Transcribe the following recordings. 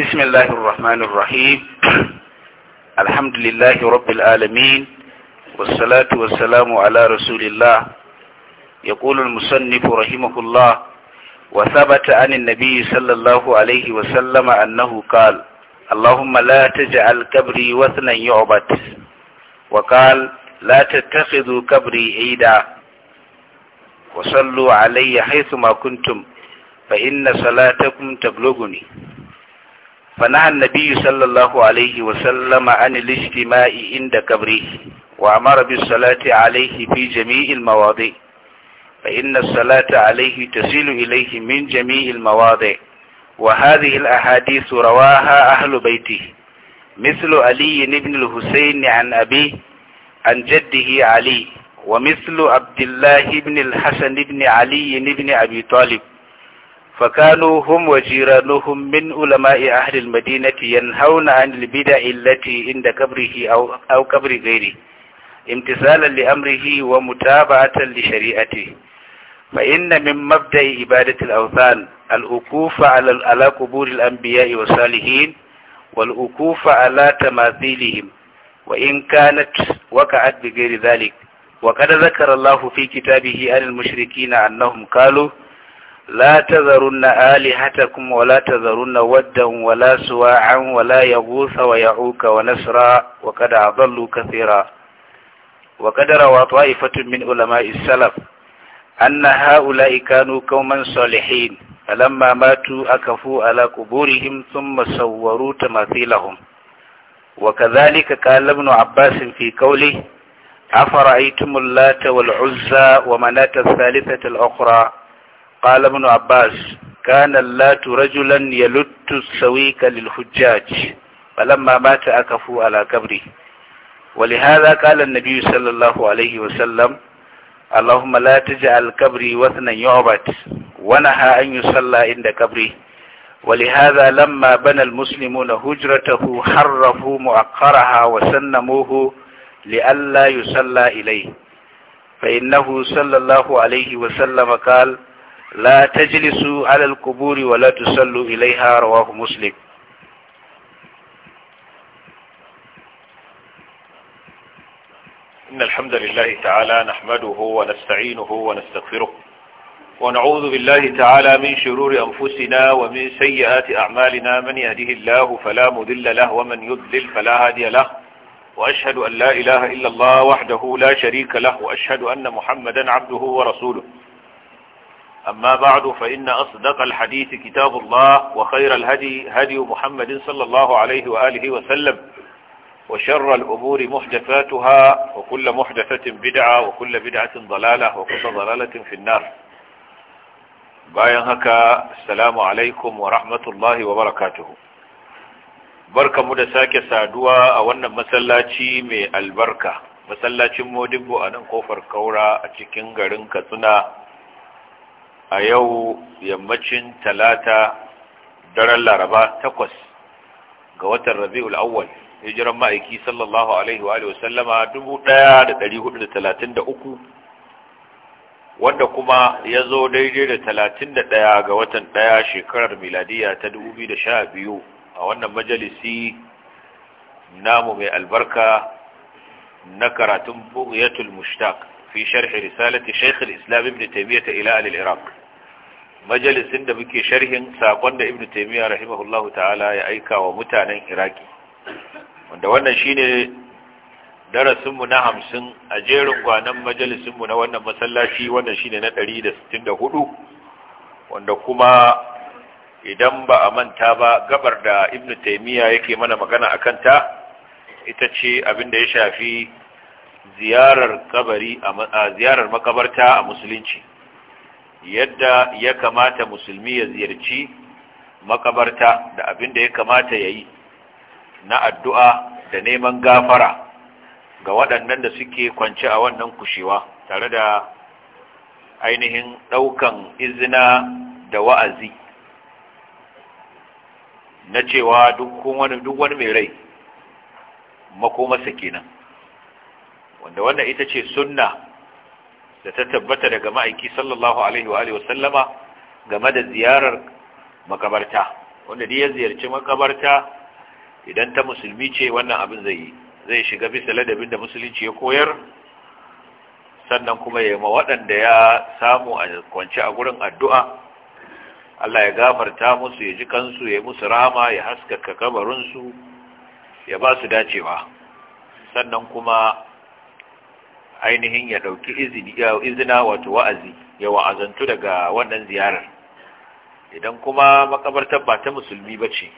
بسم الله الرحمن الرحيم الحمد لله رب العالمين والصلاة والسلام على رسول الله يقول المصنف رحمه الله وثبت عن النبي صلى الله عليه وسلم أنه قال اللهم لا تجعل كبري وثنا يعبد وقال لا تتخذوا كبري عيدا وصلوا علي حيثما كنتم فإن صلاتكم تبلغني فنهى النبي صلى الله عليه وسلم عن الاجتماع عند قبره وأمر بالصلاة عليه في جميع المواضع فإن الصلاة عليه تصل إليه من جميع المواضع وهذه الأحاديث رواها أهل بيته مثل علي بن الحسين عن أبيه عن جده علي ومثل عبد الله بن الحسن بن علي بن أبي طالب فكانوا هم وجيرانهم من علماء أهل المدينة ينهون عن البدع التي عند قبره أو, أو قبر غيره امتثالا لأمره ومتابعة لشريعته فإن من مبدأ عبادة الأوثان الوقوف على قبور الأنبياء والصالحين والوقوف على تماثيلهم وإن كانت وقعت بغير ذلك وقد ذكر الله في كتابه عن المشركين أنهم قالوا لا تذرن آلهتكم ولا تذرن ودا ولا سواعا ولا يغوث ويعوك ونسرا وقد أضلوا كثيرا وقد روى طائفة من علماء السلف أن هؤلاء كانوا قوما صالحين فلما ماتوا أكفوا على قبورهم ثم صوروا تماثيلهم وكذلك قال ابن عباس في قوله أفرأيتم اللات والعزى ومناة الثالثة الأخرى Ƙala Abbas, Kana latu rajulan ya luttu sawika lil hujjaj, balamma ma ta aka fu ala kabri. Wali haza ƙala Nabi sallallahu Alaihi wasallam, Allahumma la tuji al kabri wasu yobat, wani ha an yi salla inda kabri. Wali haza lamma bana musulmi na hujratahu harrafu mu wa sanna muhu li Allah ilai. Fa innahu sallallahu Alaihi wasallam qala لا تجلسوا على القبور ولا تصلوا إليها رواه مسلم إن الحمد لله تعالى نحمده ونستعينه ونستغفره ونعوذ بالله تعالى من شرور أنفسنا ومن سيئات أعمالنا من يهده الله فلا مذل له ومن يذل فلا هادي له وأشهد أن لا إله إلا الله وحده لا شريك له وأشهد أن محمدا عبده ورسوله أما بعد فإن أصدق الحديث كتاب الله وخير الهدي هدي محمد صلى الله عليه وآله وسلم وشر الأمور محدثاتها وكل محدثة بدعة وكل بدعة ضلالة وكل ضلالة في النار باين هكا السلام عليكم ورحمة الله وبركاته بركة مدساك سادوا أولا مسلاتي من البركة مسلاتي مودبو أنا كوفر كورا أتكين غرنك سنة a yau yammacin talata daren laraba takwas ga watan rabi'ul awwal hijiran ma'aiki sallallahu alaihi wa alihi wasallama 1433 wanda kuma ya zo daidai da 31 ga watan ɗaya shekarar miladiya ta 2012 a wannan majalisi namu mai albarka na karatun bugiyatul mushtaq fi sharhi risalati shaykh al-islam ibn ta ila al-iraq majalisin da muke sharhin sakon da ibnu taimiya rahimahullahu ta'ala ya aika wa mutanen iraki wanda wannan shine darasin na hamsin a jerin gwanan majalisin mu na wannan masallaci wannan shine na 164 wanda kuma idan ba a manta ba gabar da ibnu taimiyya yake mana magana akan ta ita ce abin da ya shafi ziyarar kabari a ziyarar makabarta a musulunci yadda ya kamata musulmi ya ziyarci makabarta da abin da ya kamata ya yi na addu'a da neman gafara ga waɗannan da suke kwance a wannan kushewa tare da ainihin ɗaukan izina da wa'azi na cewa duk wani mai rai makomarsa kenan wanda wannan ita ce sunna da ta tabbata daga ma'aiki sallallahu alaihi wa alihi sallama game da ziyarar makabarta wanda dai ya ziyarci makabarta idan ta musulmi ce wannan abin zai zai shiga bisa ladabin da musulunci ya koyar sannan kuma ya yi waɗanda ya samu a kwanci a gurin addu'a Allah ya gafarta musu ya ji kansu ya musu rama ya haskaka kabarinsu ya ba su dacewa sannan kuma ainihin ya ɗauki izina wato wa'azi ya wa'azantu daga wannan ziyarar idan kuma makabartar ba ta musulmi ba ce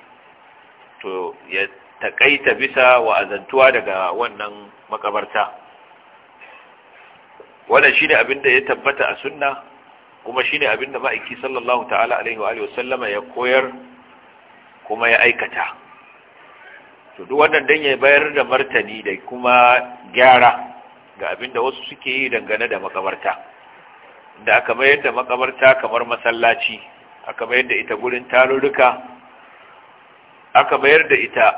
to ya taƙaita bisa wa'azantuwa daga wannan makabarta wannan shi abin da ya tabbata a sunna kuma shi abin da ma'aiki sallallahu ta'ala alaihi wa sallama ya koyar kuma ya aikata to duk wannan dan ya bayar da martani da kuma gyara ga abinda wasu suke yi dangane da makabarta da aka mayar da makabarta kamar masallaci aka mayar da ita gurin tarurruka aka mayar da ita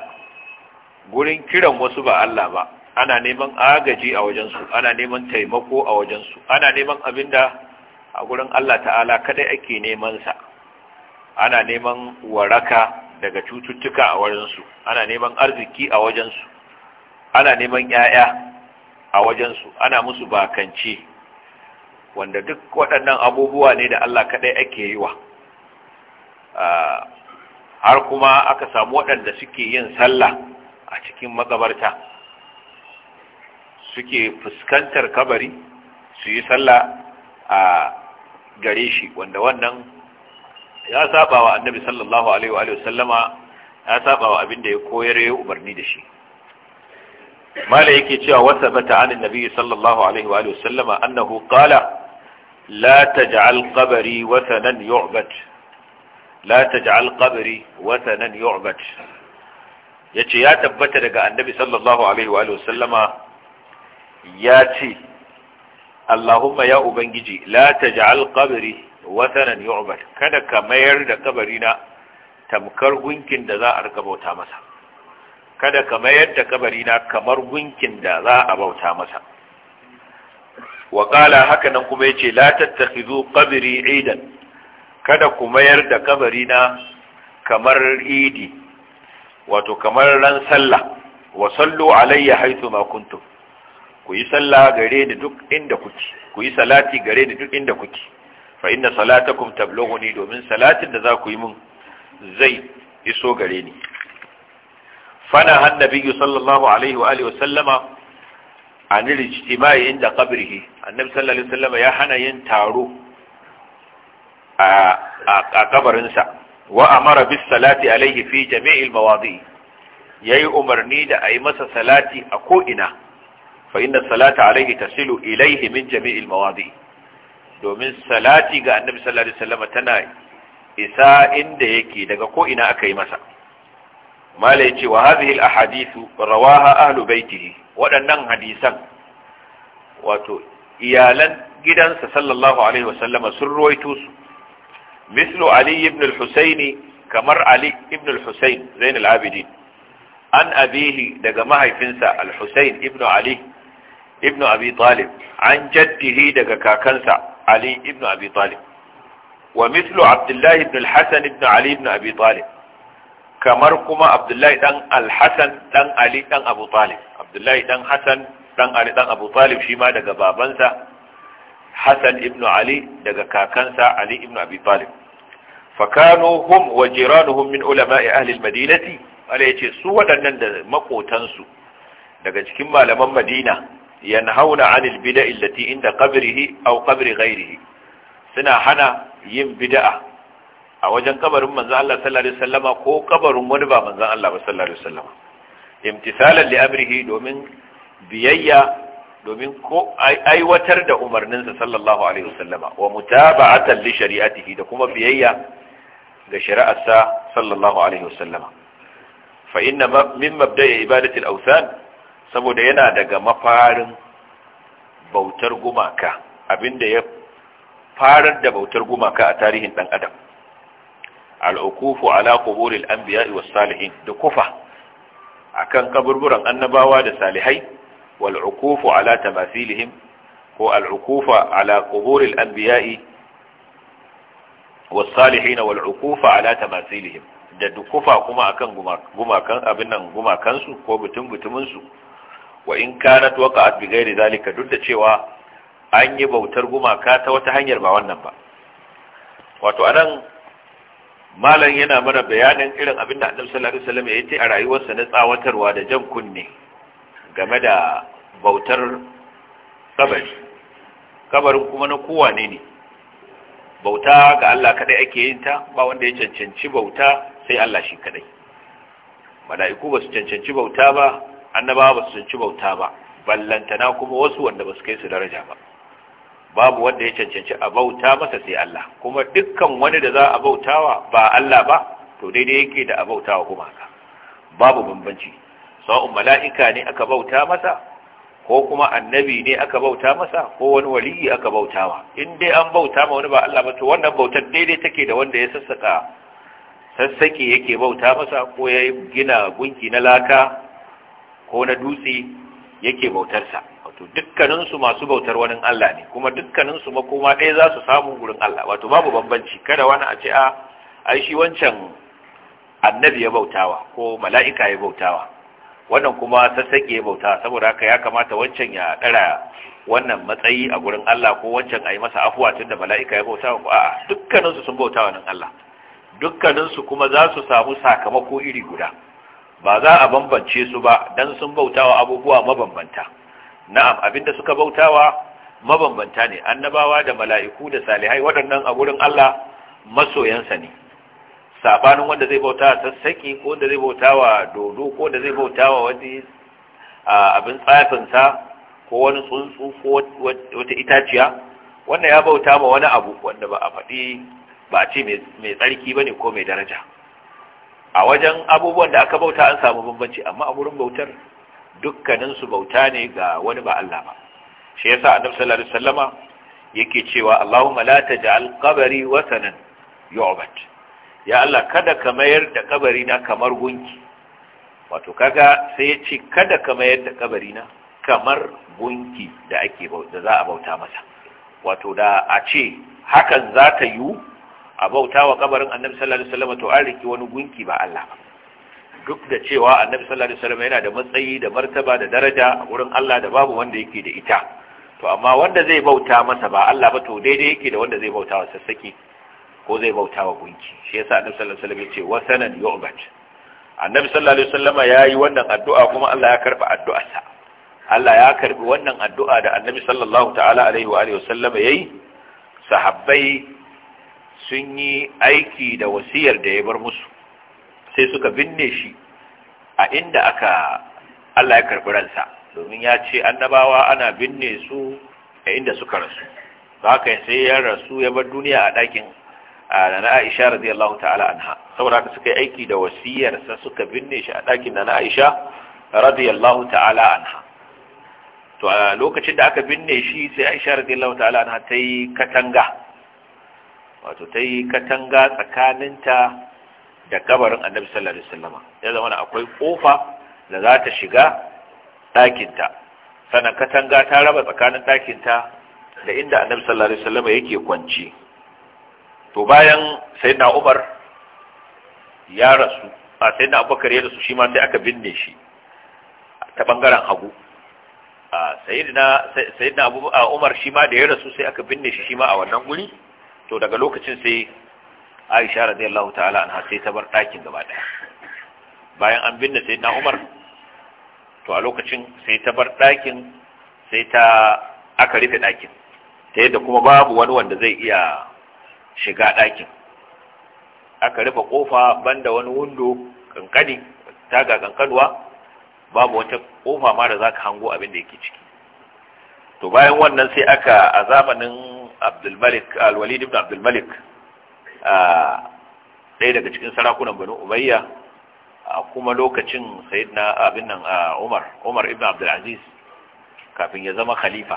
gurin kiran wasu ba Allah ba ana neman agaji a wajensu ana neman taimako a wajensu ana neman abinda a gurin Allah ta'ala kadai ake neman sa ana neman waraka daga cututtuka a wajensu ana neman arziki a wajensu ana neman 'ya'ya a wajensu ana musu bakanci wanda duk waɗannan abubuwa ne da Allah kaɗai ake yi wa har kuma aka samu waɗanda suke yin sallah a cikin makabarta suke fuskantar kabari su yi sallah a gare shi wanda wannan ya saba wa annabi sallallahu alaihi wa sallama ya saba wa abin da ya koyar ya umarni da shi mala yake cewa wata bata an nabi sallallahu alaihi wa sallama annahu qala la taj'al qabri wathanan yu'bad la taj'al qabri wathanan yu'bad yace ya tabbata daga annabi sallallahu alaihi wa sallama ya ce Allahumma ya ubangiji la taj'al qabri wathanan yu'bad kada ka mayar da kabarina tamkar gunkin da za a rika bauta masa kada ka mayar da kabarina kamar gunkin da za a bauta masa wa qala haka nan kuma yace la tattakhizu qabri idan kada ku mayar da kabarina kamar idi wato kamar ran sallah wa sallu alayya haythu ma ku yi sallah gare ni duk inda kuke ku yi salati gare ni duk inda kuke fa inna salatakum tablughuni domin salatin da za ku yi mun zai iso gare ni فنهى النبي صلى الله عليه وآله وسلم عن الاجتماع عند قبره النبي صلى الله عليه وسلم يا حنا ينتارو قبر انسى وأمر بالصلاة عليه في جميع المواضيع يأي أمرني لأي مسا صلاة أكوئنا فإن الصلاة عليه تصل إليه من جميع المواضيع domin salati ga annabi sallallahu alaihi wasallam tana isa inda yake daga ko ina aka yi masa mala yace wa hadhihi al ahadithu rawaha ahlu baitihi waɗannan hadisan wato iyalan gidansa sallallahu alaihi wa wasallama sun ruwaito su mislu ali ibn al-husaini kamar ali ibn al-husain zain al-abidin an abihi daga mahaifinsa al-husain ibn ali ibn abi talib an jaddihi daga kakansa ali ibn abi talib wa mislu abdullahi ibn al-hasan ibn ali ibn abi talib kamar kuma abdullahi dan alhassan dan ali dan abu talib abdullahi dan hassan dan ali dan abu talib shi ma daga babansa hassan ibnu ali daga kakansa ali ibnu abi talib fakano hum wa jiranuhum min ulama'i ahli almadinati ala yace su waɗannan da makotansu daga cikin malaman madina yanhauna anil bida'i allati inda qabrihi aw qabri ghairihi suna hana yin bid'a a wajen kabarin manzon Allah sallallahu alaihi ko kabarin wani ba manzon Allah ba sallallahu alaihi wasallama imtisalan domin biyayya domin ko aiwatar da umarninsa sallallahu alaihi wasallama wa mutaba'atan li shari'atihi da kuma biyayya ga shari'arsa sallallahu alaihi wasallama fa inna min mabda'i ibadati al-awthan saboda yana daga mafarin bautar gumaka abinda ya farar da bautar gumaka a tarihin dan adam al'ukufu ala quburil anbiya'i was salihin da kufa a kan kaburburan annabawa da salihai wal uqufu ala tamathilihim ko al uqufa ala quburil anbiya'i was salihin wal uqufa ala tamathilihim da dukufa kuma a kan gumakan abin nan gumakan ko butun butumin su wa in kanat waqa'at bi ghairi zalika duk da cewa an yi bautar gumaka ta wata hanyar ba wannan ba wato anan malam yana mana bayanin irin abin da annabi sallallahu alaihi wasallam ya yi a rayuwarsa na tsawatarwa da jan kunne game da bautar kabari kabarin kuma na kowa ne ne bauta ga Allah kadai ake yin ta ba wanda ya cancanci bauta sai Allah shi kadai mala'iku ba su cancanci bauta ba annabawa ba su cancanci bauta ba ballantana kuma wasu wanda ba su kai su daraja ba babu wanda ya cancanci a bauta masa sai Allah kuma dukkan wani da za a bautawa ba Allah ba to daidai yake da a bautawa haka babu bambanci sa'un mala'ika ne aka bauta masa ko kuma annabi ne aka bauta masa ko wani waliyi aka bautawa in dai an bauta ma wani ba Allah ba to wannan bautar daidai take da wanda ya sassaka sassake yake bauta masa ko ya gina gunki na laka ko na dutse yake bautarsa to dukkanin masu bautar wani Allah ne kuma dukkanin su makoma ɗaya za su samu gurin Allah wato babu bambanci kada wani a ce a ah, ai shi wancan annabi ya bautawa ko mala'ika ya bautawa wannan kuma sake ya bautawa saboda haka ya kamata wancan ya ɗara wannan matsayi a gurin Allah ko wancan a yi masa afuwa tun da mala'ika ya bautawa ko a'a dukkaninsu sun bauta wani Allah dukkaninsu kuma za su samu sakamako iri guda ba za a bambance su ba don sun bauta wa abubuwa mabambanta na'am abinda suka bautawa mabambanta ne annabawa da mala'iku da salihai waɗannan a gurin Allah masoyansa ne sabanin wanda zai bauta sassaki ko da zai bauta wa dodo ko da zai bauta wa wani abin tsafinsa ko wani tsuntsu ko wata itaciya wanda ya bauta ma wani abu wanda ba a faɗi ba ce mai tsarki ba ne ko mai daraja a wajen abubuwan da aka bauta an samu bambanci amma a wurin bautar dukkaninsu bauta ne ga wani ba Allah ba shi yasa annabi sallallahu alaihi wasallama yake cewa Allahumma la taj'al qabri wasanan yu'bad ya Allah kada ka mayar da kabari na kamar gunki wato kaga sai ya ce kada ka mayar da kabari na kamar gunki da ake da za a bauta masa wato da a ce hakan za ta yiwu a bauta wa kabarin annabi sallallahu alaihi to an riki wani gunki ba Allah ba duk da cewa annabi sallallahu alaihi wasallam yana da matsayi da martaba da daraja a wurin Allah da babu wanda yake da ita to amma wanda zai bauta masa ba Allah ba to daidai yake da wanda zai bauta wa sassaki ko zai bauta wa gunki shi yasa annabi sallallahu alaihi wasallam ya ce wa sanan yu'bad annabi sallallahu alaihi wasallam yayi wannan addu'a kuma Allah ya karba addu'arsa Allah ya karbi wannan addu'a da annabi sallallahu ta'ala alaihi wa alihi wasallam yayi sahabbai sun yi aiki da wasiyar da ya bar musu sai suka binne shi a inda aka Allah ya karɓi ransa domin ya ce annabawa ana binne su a inda suka rasu haka sai ya rasu ya bar duniya a ɗakin na Aisha radiyallahu ta'ala anha saboda haka suka yi aiki da wasiyarsa suka binne shi a ɗakin na Aisha radiyallahu ta'ala anha to a lokacin da aka binne shi sai Aisha radiyallahu ta'ala anha ta yi katanga wato ta yi katanga tsakaninta da kabarin annabi sallallahu alaihi wasallama ya zama akwai kofa da za ta shiga ɗakinta sannan katanga ta raba tsakanin ɗakinta da inda annabi sallallahu alaihi wasallama yake kwanci to bayan sayyidina Umar ya rasu a sayyidina Abubakar ya rasu shi ma sai aka binne shi ta bangaren hagu sayyidina Umar shi ma da ya rasu sai aka binne shi shi ma a wannan guri to daga lokacin sai aisha radiyallahu ta'ala an sai ta bar ɗakin gaba ɗaya bayan an binne sai na umar to a lokacin sai ta bar ɗakin sai ta aka rufe ɗakin ta yadda kuma babu wani wanda zai iya shiga ɗakin aka rufe ƙofa banda wani wundo kankani taga kankanuwa babu wata ƙofa ma da za ka hango abin da yake ciki to bayan wannan sai aka a zamanin abdulmalik alwalid ibn abdulmalik ɗaya daga cikin sarakunan banu umayya kuma lokacin sayyidina abin nan umar umar ibn abdulaziz kafin ya zama khalifa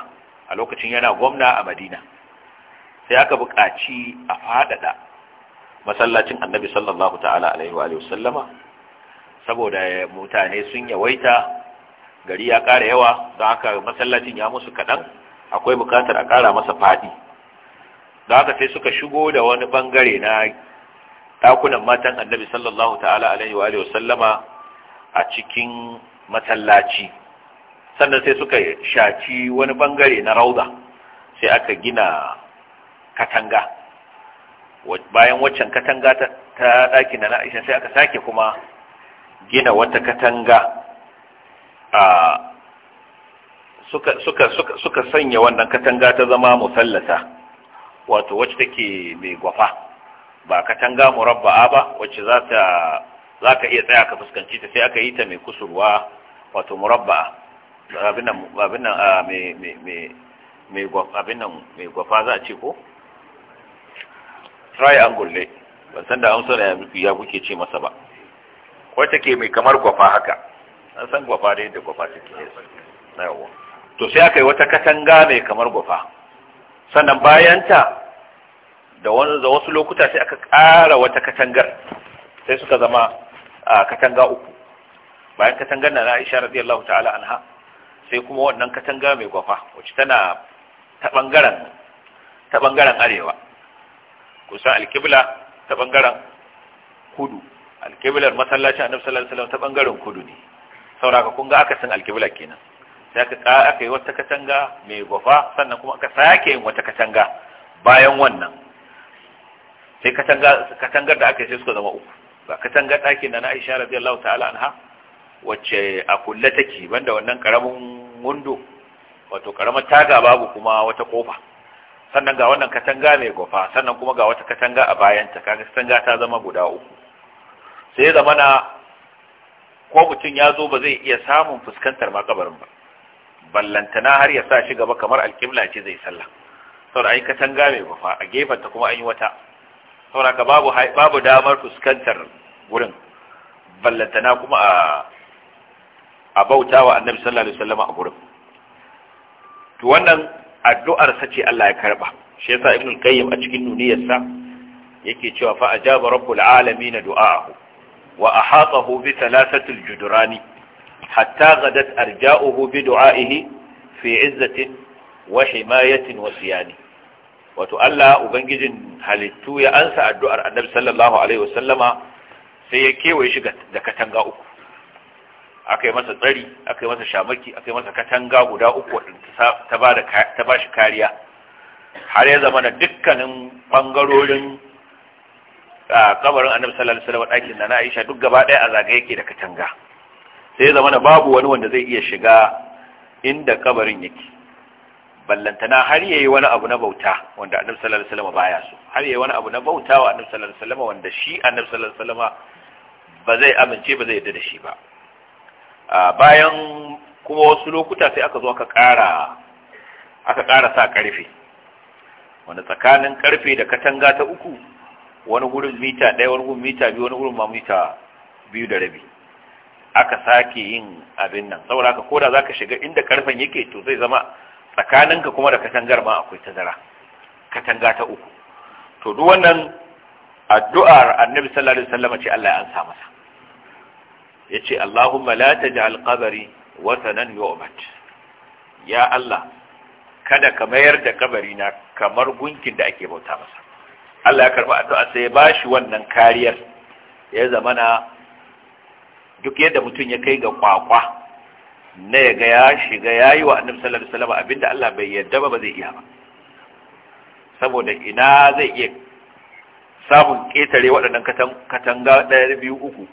a lokacin yana gwamna a madina sai aka buƙaci a faɗaɗa masallacin annabi sallallahu ta'ala alaihi wa sallama saboda mutane sun yawaita gari ya ƙara yawa don haka masallacin ya musu kaɗan akwai buƙatar a ƙara masa faɗi da haka sai suka shigo da wani bangare na dakunan matan annabi sallallahu ta'ala alaihi wa sallama a cikin masallaci sannan sai suka shaci wani bangare na rauda sai aka gina katanga bayan waccan katanga ta daki na na'isha sai aka sake kuma gina wata katanga a suka sanya wannan katanga ta zama musallata wato wacce take mai gwafa ba katanga murabba'a ba wacce za ta za ka iya tsaya ka fuskanci ta sai aka yi ta mai kusurwa wato murabba'a abin nan mai gwafa za a ce ko? triangle ne ban san da amsar ya kuke ce masa ba wata take mai kamar gwafa haka an san gwafa da da gwafa take na yawon to sai aka yi wata katanga mai kamar gwafa sannan bayanta da wasu lokuta sai aka ƙara wata katangar sai suka zama a katanga uku bayan katangar na na aisha radiyallahu ta'ala anha sai kuma wannan katanga mai gwafa wacce tana ta bangaren arewa kusan alkibla ta bangaren kudu alkiblar masallacin annabi sallallahu ta bangaren kudu ne sauraka kun ga aka alkibla kenan sai aka yi wata katanga mai gwafa sannan kuma aka sake yin wata katanga bayan wannan sai katangar da aka yi sai suka zama uku ba katangar ɗakin da na aisha radiyallahu ta'ala anha wacce a kulle take banda wannan karamin wundo wato karamar taga babu kuma wata kofa sannan ga wannan katanga mai gwafa, sannan kuma ga wata katanga a bayanta kaga katanga ta zama guda uku sai zama na ko mutum ya zo ba zai iya samun fuskantar makabarin ba ballantana har ya sa shi gaba kamar alkibla ce zai sallah saboda ai katanga mai bafa a gefen kuma an yi wata saboda ka babu babu damar fuskantar gurin ballantana kuma a a bautawa annabi sallallahu alaihi wasallam a gurin to wannan addu'ar sa ce Allah ya karba shi yasa ibn qayyim a cikin nuniyarsa yake cewa fa ajaba rabbul alamin du'aahu wa ahatahu bi thalathatil judrani hatta gadat arja'uhu bi du'a'ihi fi izzatin wa himayatin wa siyani wato Allah ubangijin halittu ya ansa addu'ar annabi sallallahu alaihi wasallama sai ya kewaye shi da katanga uku aka masa tsari aka masa shamaki aka masa katanga guda uku wadda ta ba shi kariya har ya zama da dukkanin bangarorin ah, kabarin annabi sallallahu alaihi wasallam ɗakin da na aisha duk gaba ɗaya a zagaye yake da katanga sai zama da babu wani wanda zai iya shiga inda kabarin yake ballantana har yayi wani abu na bauta wanda annabi sallallahu alaihi wasallam baya so har yayi wani abu na bauta wa annabi sallallahu alaihi wasallam wanda shi annabi sallallahu alaihi wasallam ba zai amince ba zai yarda da shi ba bayan kuma wasu lokuta sai aka zo aka ƙara aka ƙara sa ƙarfe wanda tsakanin ƙarfe da katanga ta uku wani gurin mita ɗaya wani gurin mita biyu wani gurin ma mita biyu da rabi aka sake yin abin nan saboda haka koda zaka shiga inda karfen yake to zai zama tsakaninka kuma da katangar ma akwai tazara katanga ta uku to duk wannan addu'ar annabi sallallahu alaihi wasallam ce Allah ya ansa masa yace Allahumma la taj'al qabri watanan yu'bad ya Allah kada ka mayar da kabari na kamar gunkin da ake bauta masa Allah ya karba addu'a sai ya bashi wannan kariyar ya zamana duk yadda mutum ya kai ga kwakwa na ya ga ya shiga ya yi wa annabi sallallahu alaihi wasallam abinda Allah bai yarda ba ba zai iya ba saboda ina zai iya samun ketare waɗannan katanga ɗaya biyu uku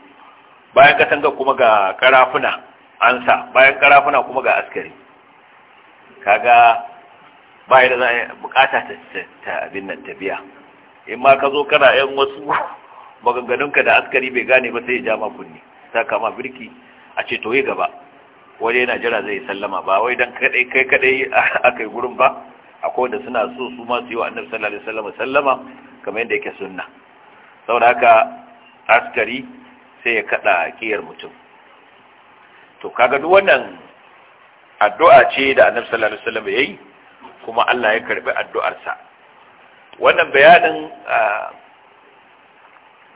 bayan katanga kuma ga karafuna ansa, bayan karafuna kuma ga askari kaga bai da zai bukata ta abin nan tafiya in ma ka zo kana yan wasu maganganunka da askari bai gane ba sai ya ja ma kunni taka kama birki a ce to yi gaba wani yana jira zai sallama ba wai dan kadai kai kadai akai gurin ba akwai wanda suna so su ma su yi wa annabi sallallahu alaihi wasallam sallama kamar yadda yake sunna saboda haka askari sai ya kada kiyar mutum to kaga duk wannan addu'a ce da annabi sallallahu alaihi wasallam yayi kuma Allah ya karbi addu'arsa wannan bayanin ah,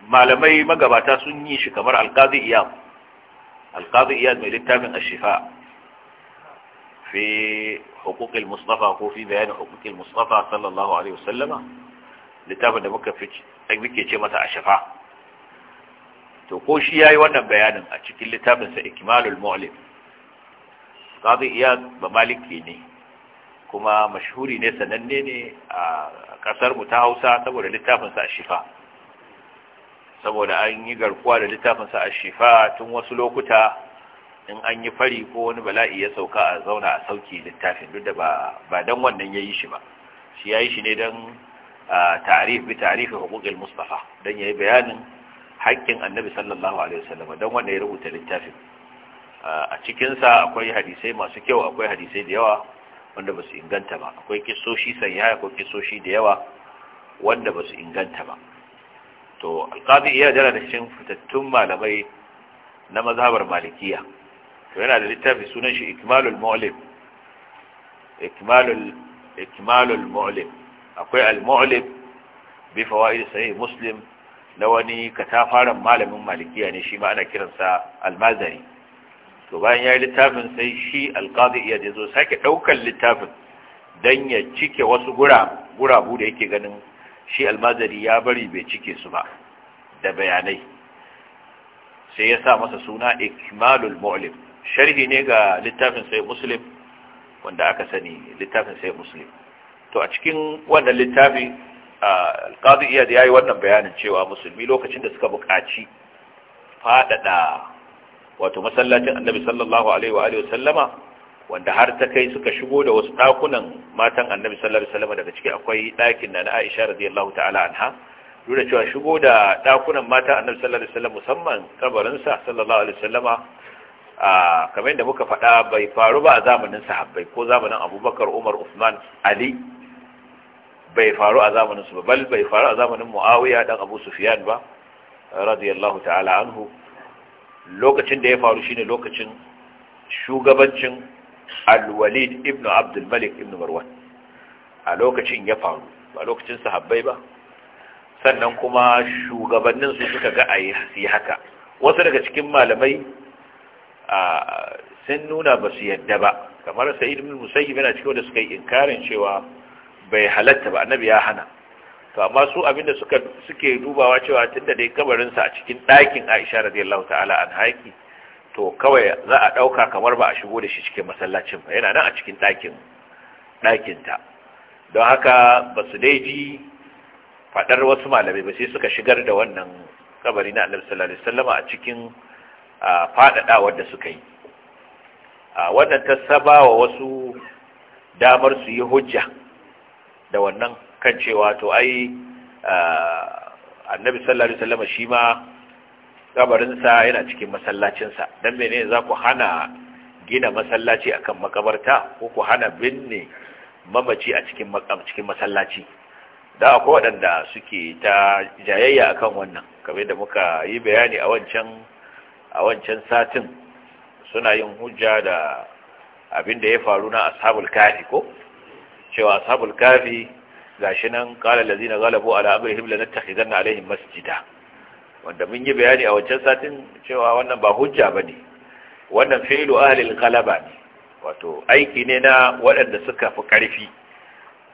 malamai magabata sun yi shi kamar alkazi iyam alkazi iyam mai littafin ashifa fi hukukul mustafa ko fi bayanin hukukul mustafa sallallahu alaihi wasallama littafin da muka fi muke ce masa ashifa to ko shi ya yi wannan bayanin a cikin littafinsa, sa ikmalul mu'lim kazi iyam ba maliki ne kuma mashuri ne sananne ne a kasar mu ta Hausa saboda littafinsa a shifa. saboda an yi garkuwa da littafinsa a shifa tun wasu lokuta in an yi fari ko wani bala'i ya sauka a zauna a sauki littafin duk da ba don wannan ya yi shi ba shi ya yi shi ne don tarif bi tarifin hukukul mustafa don ya yi bayanin haƙƙin annabi sallallahu alaihi wasallam don wanda ya rubuta littafin a cikinsa akwai hadisai masu kyau akwai hadisai da yawa wanda ba su inganta ba akwai kisoshi sanya akwai kisoshi da yawa wanda ba su inganta ba to alqadi iya jira da cikin fitattun malamai na mazhabar malikiya to yana da littafi sunan shi ikmalul mu'lim ikmalul ikmalul mu'lim akwai al-mu'lim bi fawaid sahih muslim na wani katafaren malamin malikiya ne shi ma ana kiransa al-mazari to bayan yayi littafin sai shi al iya da zo sake daukar littafin dan ya cike wasu gura gurabu da yake ganin shi almazari ya bari bai cike su ba da bayanai sai ya sa masa suna ikmalul mu'lim sharhi ne ga littafin sai muslim wanda aka sani littafin sai muslim to a cikin wannan littafi alqadi iyad yayi wannan bayanin cewa musulmi lokacin da suka buƙaci faɗaɗa wato masallacin annabi sallallahu alaihi wa alihi sallama wanda har ta kai suka shigo da wasu ɗakunan matan annabi sallallahu alaihi wasallam daga ciki akwai ɗakin na Aisha radiyallahu ta'ala anha duk da cewa shigo da ɗakunan matan annabi sallallahu alaihi wasallam musamman kabarin sa sallallahu alaihi wasallama a kamar yadda muka faɗa bai faru ba a zamanin sahabbai ko zamanin Abubakar Umar Uthman Ali bai faru a zamanin su ba bal bai faru a zamanin Muawiya dan Abu Sufyan ba radiyallahu ta'ala anhu lokacin da ya faru shine lokacin shugabancin al-walid ibn abdul malik ibn marwan a lokacin ya faru ba lokacin sahabbai ba sannan kuma shugabannin su suka ga a yi haka wasu daga cikin malamai sun nuna ba su yadda ba kamar sa'id ibn musayyib yana cikin wanda suka yi inkarin cewa bai halatta ba annabi ya hana to amma su abinda suka suke dubawa cewa tunda dai kabarin sa a cikin ɗakin Aisha radiyallahu ta'ala an haiki to kawai za a ɗauka kamar ba a shigo da shi cikin masallacin ba yana nan a cikin ta. don haka ba su ji faɗar wasu malamai ba sai suka shigar da wannan kabari na annabi sallallahu alaihi a cikin faɗaɗa da suka yi wannan ta saba wa wasu damar su yi hujja da wannan kan cewa to ai annabi sallallahu alaihi wasallam shi ma kabarinsa yana cikin masallacinsa don mene za ku hana gina masallaci akan makabarta ko ku hana binne mamaci a cikin masallaci da akwai waɗanda suke ta jayayya akan wannan kamar da muka yi bayani a wancan satin suna yin hujja da abin da ya faru na ashabul kafi ko cewa ashabul kafi gashi nan qala allazina ghalabu ala amrihim lanattakhidanna alaihim masjida wanda mun yi bayani a wancan satin cewa wannan ba hujja ba ne wannan failu ahlil ne wato aiki ne na waɗanda suka fi ƙarfi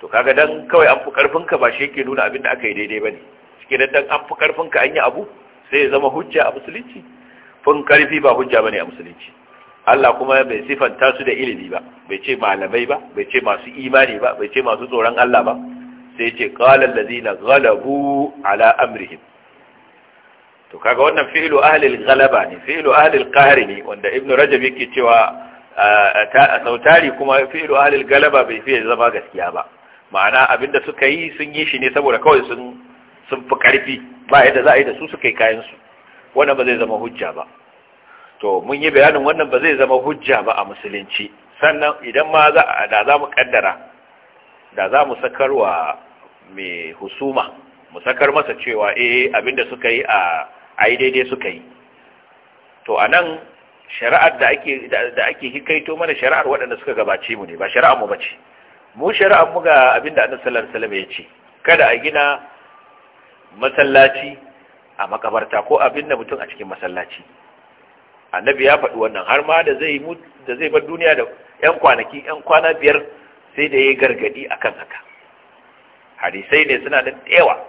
to kaga dan kawai an fi ƙarfinka ba shi yake nuna abin da aka yi daidai ba ne shi dan an fi ƙarfinka an yi abu sai ya zama hujja a musulunci fin ƙarfi ba hujja ba ne a musulunci Allah kuma bai sifanta su da ilimi ba bai ce malamai ba bai ce masu imani ba bai ce masu tsoron Allah ba sai ce qala allazina ghalabu ala amrihim to kaga wannan fi'lu ahlil ghalaba ne fi'lu ahlil qahri ne wanda ibnu rajab yake cewa a sautari kuma fi'lu ahlil galaba bai fi zama gaskiya ba ma'ana abinda suka yi sun yi shi ne saboda kawai sun sun fi karfi ba yadda za a yi da su suka yi kayan su wannan ba zai zama hujja ba to mun yi bayanin wannan ba zai zama hujja ba a musulunci sannan idan ma za da za mu kaddara da za mu sakarwa mai husuma mu sakar masa cewa eh abinda suka yi a A ai daidai suka yi to a nan shari'ar da ake da hikaito mana shari'ar waɗanda suka gabace mu ne ba shari'ar mu ba ce. mu shari'ar mu ga abinda Annabi sallallahu alaihi wasallam ya ce kada a gina masallaci a makabarta ko abin da mutum a cikin masallaci annabi ya faɗi wannan har ma da zai da zai bar duniya da yan kwanaki yan kwana biyar sai da ya gargadi akan haka hadisai ne suna da yawa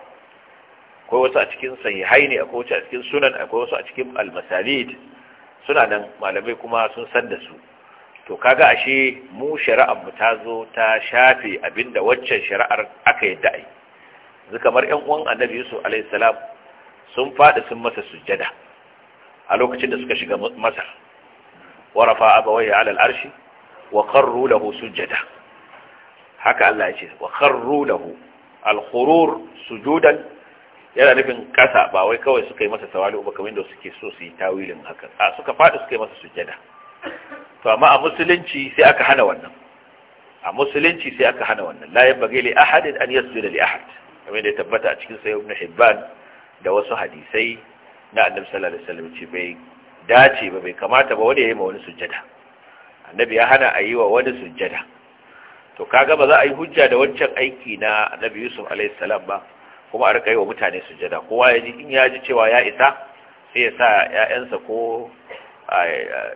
akwai wasu a cikin sahihai ne akwai wasu a cikin sunan akwai wasu a cikin almasalid suna nan malamai kuma sun san da su to kaga ashe mu shari'ar mu ta zo ta shafe abinda waccan shari'ar aka yadda ai yanzu kamar ƴan uwan annabi yusuf alayhi salam sun faɗi sun masa sujjada a lokacin da suka shiga masar wa rafa abawayhi ala al'arshi wa qarru lahu sujjada haka Allah ya ce wa qarru lahu al-khurur sujudan yana nufin kasa ba wai kawai suka yi masa tawali'u ba kamar da suke so su yi tawilin haka a suka faɗi suka yi masa sujada to amma a musulunci sai aka hana wannan a musulunci sai aka hana wannan la yabghi li ahadin an yasjuda li ahad kamar da ya tabbata a cikin sahih ibn hibban da wasu hadisai na annabi sallallahu alaihi wasallam ce bai dace ba bai kamata ba wanda yi ma wani sujada annabi ya hana a yi wa wani sujada to kaga ba za a yi hujja da wancan aiki na annabi yusuf alaihi salam ba kuma a rikai wa mutane sujada kowa ya ji in ya ji cewa ya isa sai ya sa ‘ya'yansa ko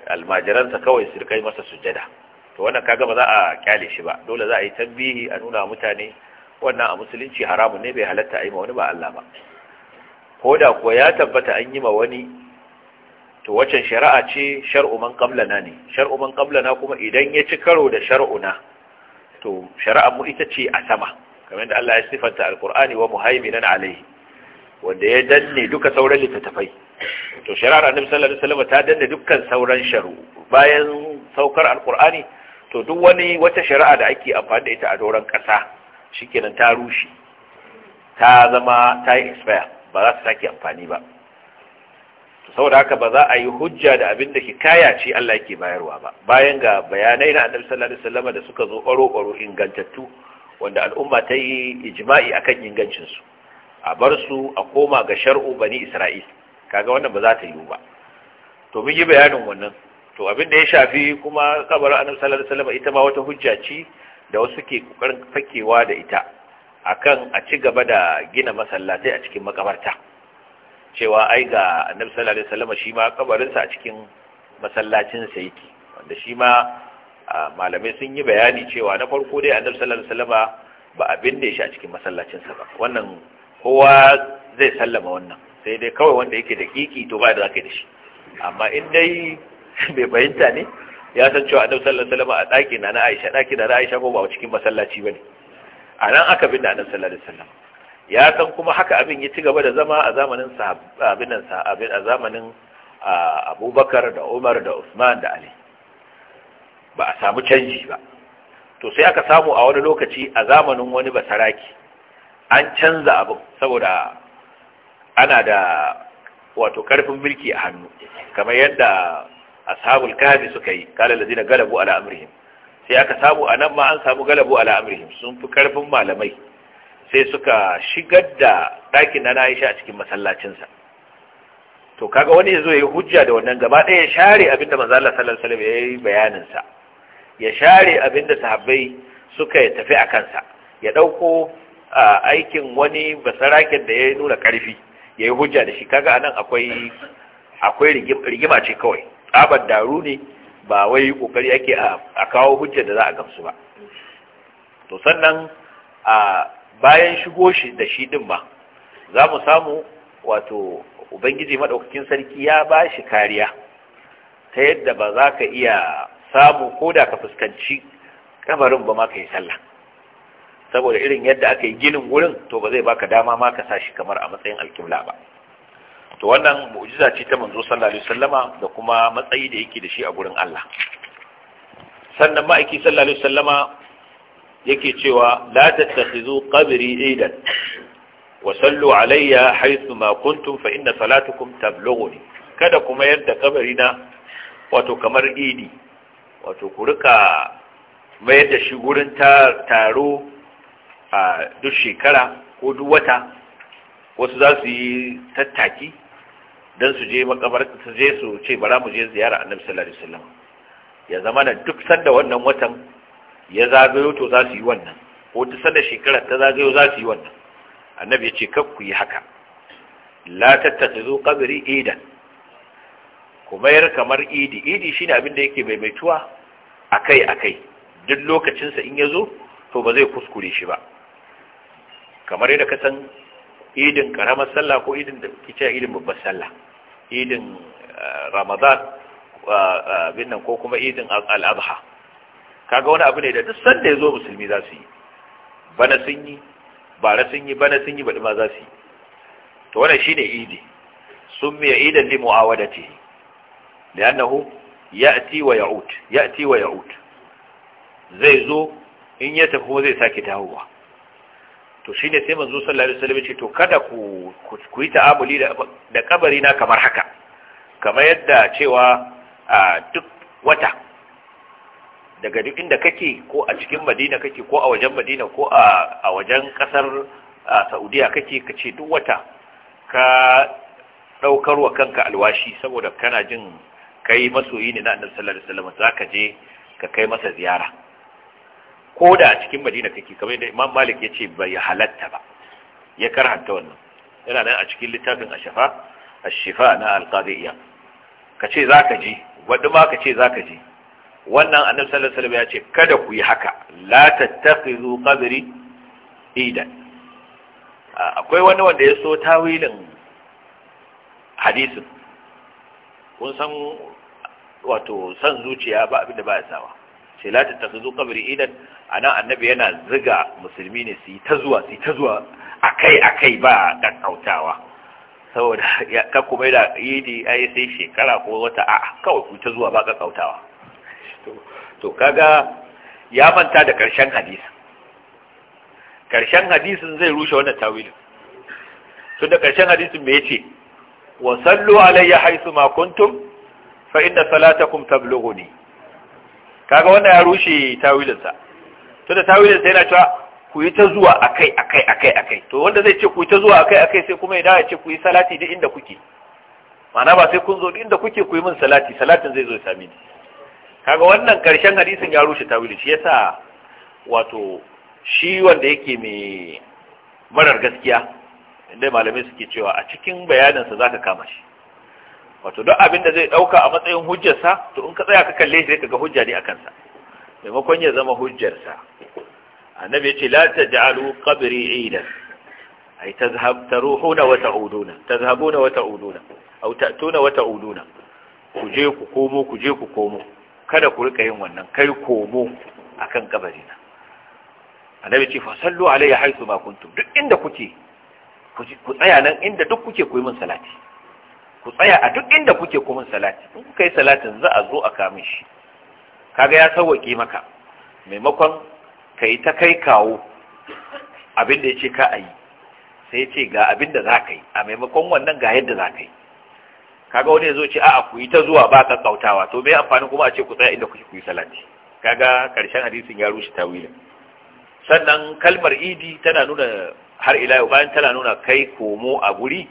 almajiransa kawai su rika masa sujada to wannan kaga ba za a kyale shi ba dole za a yi tambihi a nuna mutane wannan a musulunci haramun ne bai halatta a yi ma wani ba Allah ba ko da kuwa ya tabbata an yi ma wani to waccan shari'a ce shar'u man qablana ne shar'u man qablana kuma idan ya ci karo da shar'una to shari'ar mu ita ce a sama kamar da Allah ya sifanta alqur'ani wa muhaiminan alaihi, wanda ya danne duka sauran littattafai to shari'ar annabi sallallahu alaihi wasallam ta danne dukkan sauran sharu bayan saukar alqur'ani to duk wani wata shari'a da ake amfani da ita a doron kasa shikenan ta rushe ta zama ta expire ba za su sake amfani ba saboda haka ba za a yi hujja da abin da hikaya ce Allah yake bayarwa ba bayan ga bayanai na annabi sallallahu alaihi wasallam da suka zo ƙwaro-ƙwaro ingantattu wanda al'umma ta yi ijma'i akan ingancinsu a bar su a koma ga shar'u bani isra'il kaga wannan ba za ta yiwu ba to mun yi bayanin wannan to abin da ya shafi kuma kabar annabi sallallahu alaihi ita ma wata hujja ce da wasu ke kokarin fakewa da ita akan a ci gaba da gina masallatai a cikin makabarta cewa ai ga annabi sallallahu alaihi wasallam shi ma kabarin a cikin masallacin sa yake wanda shi ma malamai sun yi bayani cewa na farko dai annabi sallallahu alaihi wasallama ba abin da ya shi a cikin masallacinsa ba wannan kowa zai sallama wannan sai dai kawai wanda yake da kiki to ba da zaka da shi amma in dai bai bayanta ne ya san cewa annabi sallallahu alaihi wasallam a daki na na Aisha daki na Aisha ko ba cikin masallaci bane a nan aka da annabi sallallahu alaihi wasallam ya san kuma haka abin ya ci gaba da zama a zamanin abin nan sahabin a zamanin Abubakar da Umar da Usman da Ali ba a samu canji ba to sai aka samu a wani lokaci a zamanin wani basaraki an canza abu saboda ana da wato karfin mulki a hannu kamar yadda ashabul kafi suka yi kala lazina galabu ala amrihim sai aka samu a nan ma an samu galabu ala amrihim sun fi karfin malamai sai suka shigar da ɗakin na Aisha a cikin masallacinsa to kaga wani ya yazo yayi hujja da wannan gaba ɗaya share abinda manzo Allah sallallahu alaihi wasallam yayi bayanin sa ya share abinda da sahabbai suka tafi a kansa ya ɗauko aikin wani basaraken da ya nuna karfi ya yi hujja da shi kaga anan akwai akwai rigima ce kawai tsabar daru ne ba wai ƙoƙari ake a kawo hujja da za a gamsu ba to sannan a bayan shigo shi da shi din ba, za mu samu wato ubangiji maɗaukakin sarki ya ba shi kariya ta yadda ba za ka iya samu ko da ka fuskanci kabarin ba ma ka yi sallah saboda irin yadda aka yi ginin wurin to ba zai baka dama ma ka sa kamar a matsayin alkibla ba to wannan mu'jiza ce ta manzo sallallahu alaihi wasallama da kuma matsayi da yake da shi a gurin Allah sannan ma'aiki sallallahu alaihi wasallama yake cewa la tattakhizu qabri idan wa sallu alayya haythu ma kuntum fa inna salatukum tablughuni kada kuma yadda kabari wato kamar idi wato ku rika mayar da shi gurin taro a duk shekara ko duk wata wasu za su yi tattaki don su je makamarta su je su ce bara mu je ziyara annabi sallallahu alaihi wasallam ya zama da duk sanda wannan watan ya zagayo to za su yi wannan ko duk sanda shekara ta zagayo za su yi wannan annabi ya ce kakku yi haka la tattakhidhu qabri idan ku mayar kamar idi idi shine abin da yake maimaituwa akai akai duk lokacinsa in ya zo to ba zai kuskure shi ba kamar yadda ka san idin karamar sallah ko idin da kice idin babbar sallah idin eh, ramadan eh, eh, bin nan ko kuma idin al-adha kaga wani abu ne da duk sanda ya zo musulmi za su yi bana sun yi bara sun yi bana sun yi baɗi ma za su yi to wannan shine idi sun miya idan li mu'awadatihi li'annahu ya'ti wa ya'ud ya'ti wa ya'ud zai zo in ya tafi kuma zai sake dawowa to shine sai manzo sallallahu alaihi wasallam ya ce to kada ku ku yi ta'amuli da da kamar haka kamar yadda cewa a duk wata daga duk inda kake ko a cikin Madina kake ko a wajen Madina ko a a wajen kasar Saudiya kake kace duk wata ka daukar wa kanka alwashi saboda kana jin kai masoyi ne na annabi sallallahu alaihi wasallam zaka je ka kai masa ziyara ko da a cikin madina kake kamar yadda imam malik yace bai halatta ba ya karhanta wannan yana nan a cikin littafin ashfa ashfa na alqadiyya ka ce zaka je wadda ma ka ce zaka je wannan annabi sallallahu alaihi wasallam ya ce kada ku yi haka la tattakhizu qabri idan akwai wani wanda ya so tawilin hadisin kun san wato san zuciya ba abinda ba ya sawa sai la tattakhudhu qabri idan ana annabi yana ziga musulmi ne su yi ta zuwa su yi ta zuwa akai akai ba kautawa saboda ya ka kuma da yidi ai sai shekara ko wata a kawai ku ta zuwa ba kakkautawa to kaga ya manta da karshen hadisin karshen hadisin zai rushe wannan tawilin to da karshen hadisin me yace wa sallu alayya haythu ma kuntum fa inna salatakum tablughuni kaga wannan ya rushe tawilin sa to da tawilin sa yana cewa ku yi ta zuwa akai akai akai akai to wanda zai ce ku yi ta zuwa akai akai sai kuma ya dawo ya ce ku yi salati duk inda kuke ma'ana ba sai kun zo duk inda kuke ku yi min salati salatin zai zo ya same ni kaga wannan karshen hadisin ya rushe tawilin shi yasa wato shi wanda yake mai marar gaskiya inda malamai suke cewa a cikin bayaninsa zaka kama shi wato duk abin da zai dauka a matsayin hujjarsa to in ka tsaya ka kalle shi ga hujja ne akan sa maimakon ya zama hujjarsa annabi ce la taj'alu qabri idan ay tazhab taruhuna wa ta'uduna tazhabuna wa ta'uduna aw ta'tuna wa ta'uduna ku je ku komo ku je ku komo kada ku rika yin wannan kai komo akan na annabi ce fa sallu alayhi haythu ma kuntum duk inda kuke ku tsaya nan inda duk kuke ku yi min salati ku tsaya a duk inda kuke kuma salati in kuka yi salatin za a zo a kame shi kaga ya sauwaƙe maka maimakon ka yi ta kai kawo abin da ya ce ka a yi sai ce ga abin da za ka yi a maimakon wannan ga yadda za ka yi kaga wani ya zo ce a'a ku yi ta zuwa ba ka tsautawa to me amfani kuma a ce ku tsaya inda kuke ku yi salati kaga karshen hadisin ya rushe tawilin sannan kalmar idi tana nuna har ila yau bayan tana nuna kai komo a guri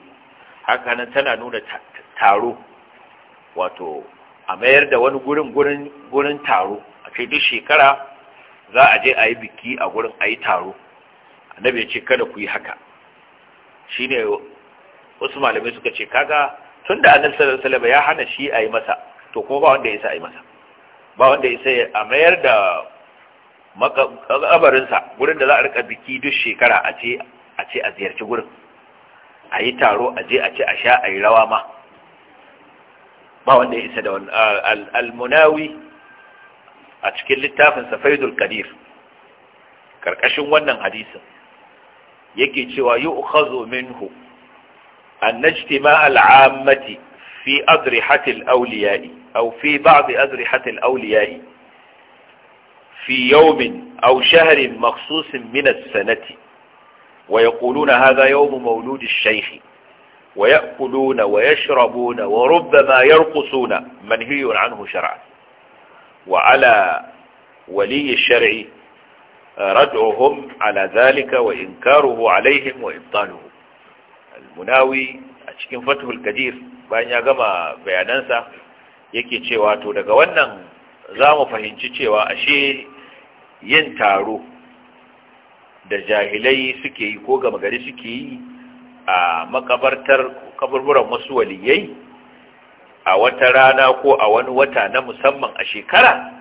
haka nan tana nuna taro wato a mayar da wani gurin gurin gurin taro a ce duk shekara za a je a yi biki a gurin a yi taro annabi ya ce kada ku yi haka shine wasu malamai suka ce kaga tun da annabi sallallahu alaihi wasallam ya hana shi a yi masa to kuma ba wanda ya sa a yi masa ba wanda ya isa a mayar da makabarinsa gurin da za a rika biki duk shekara a ce a ziyarci gurin a yi taro a je a ci a sha a yi rawa ma ba wanda ya isa da wani almunawi a cikin littafin safaidul kadir karkashin wannan hadisin yake cewa yi ukhazo minhu an najtima al'ammati fi adrihatil awliya'i aw fi ba'd adrihatil awliya'i fi yawmin aw shahrin makhsusin min as-sanati ويقولون هذا يوم مولود الشيخ ويأكلون ويشربون وربما يرقصون منهي عنه شرعا وعلى ولي الشرع ردعهم على ذلك وإنكاره عليهم وإبطاله المناوي أشكين فتح الكدير بأن يقام بيانانسا يكي تشيواتو to زامو فهين za mu fahimci da jahilai suke yi ko gama gari suke yi a makabartar kaburburan wasu waliyai a wata rana ko a wani wata na musamman a shekara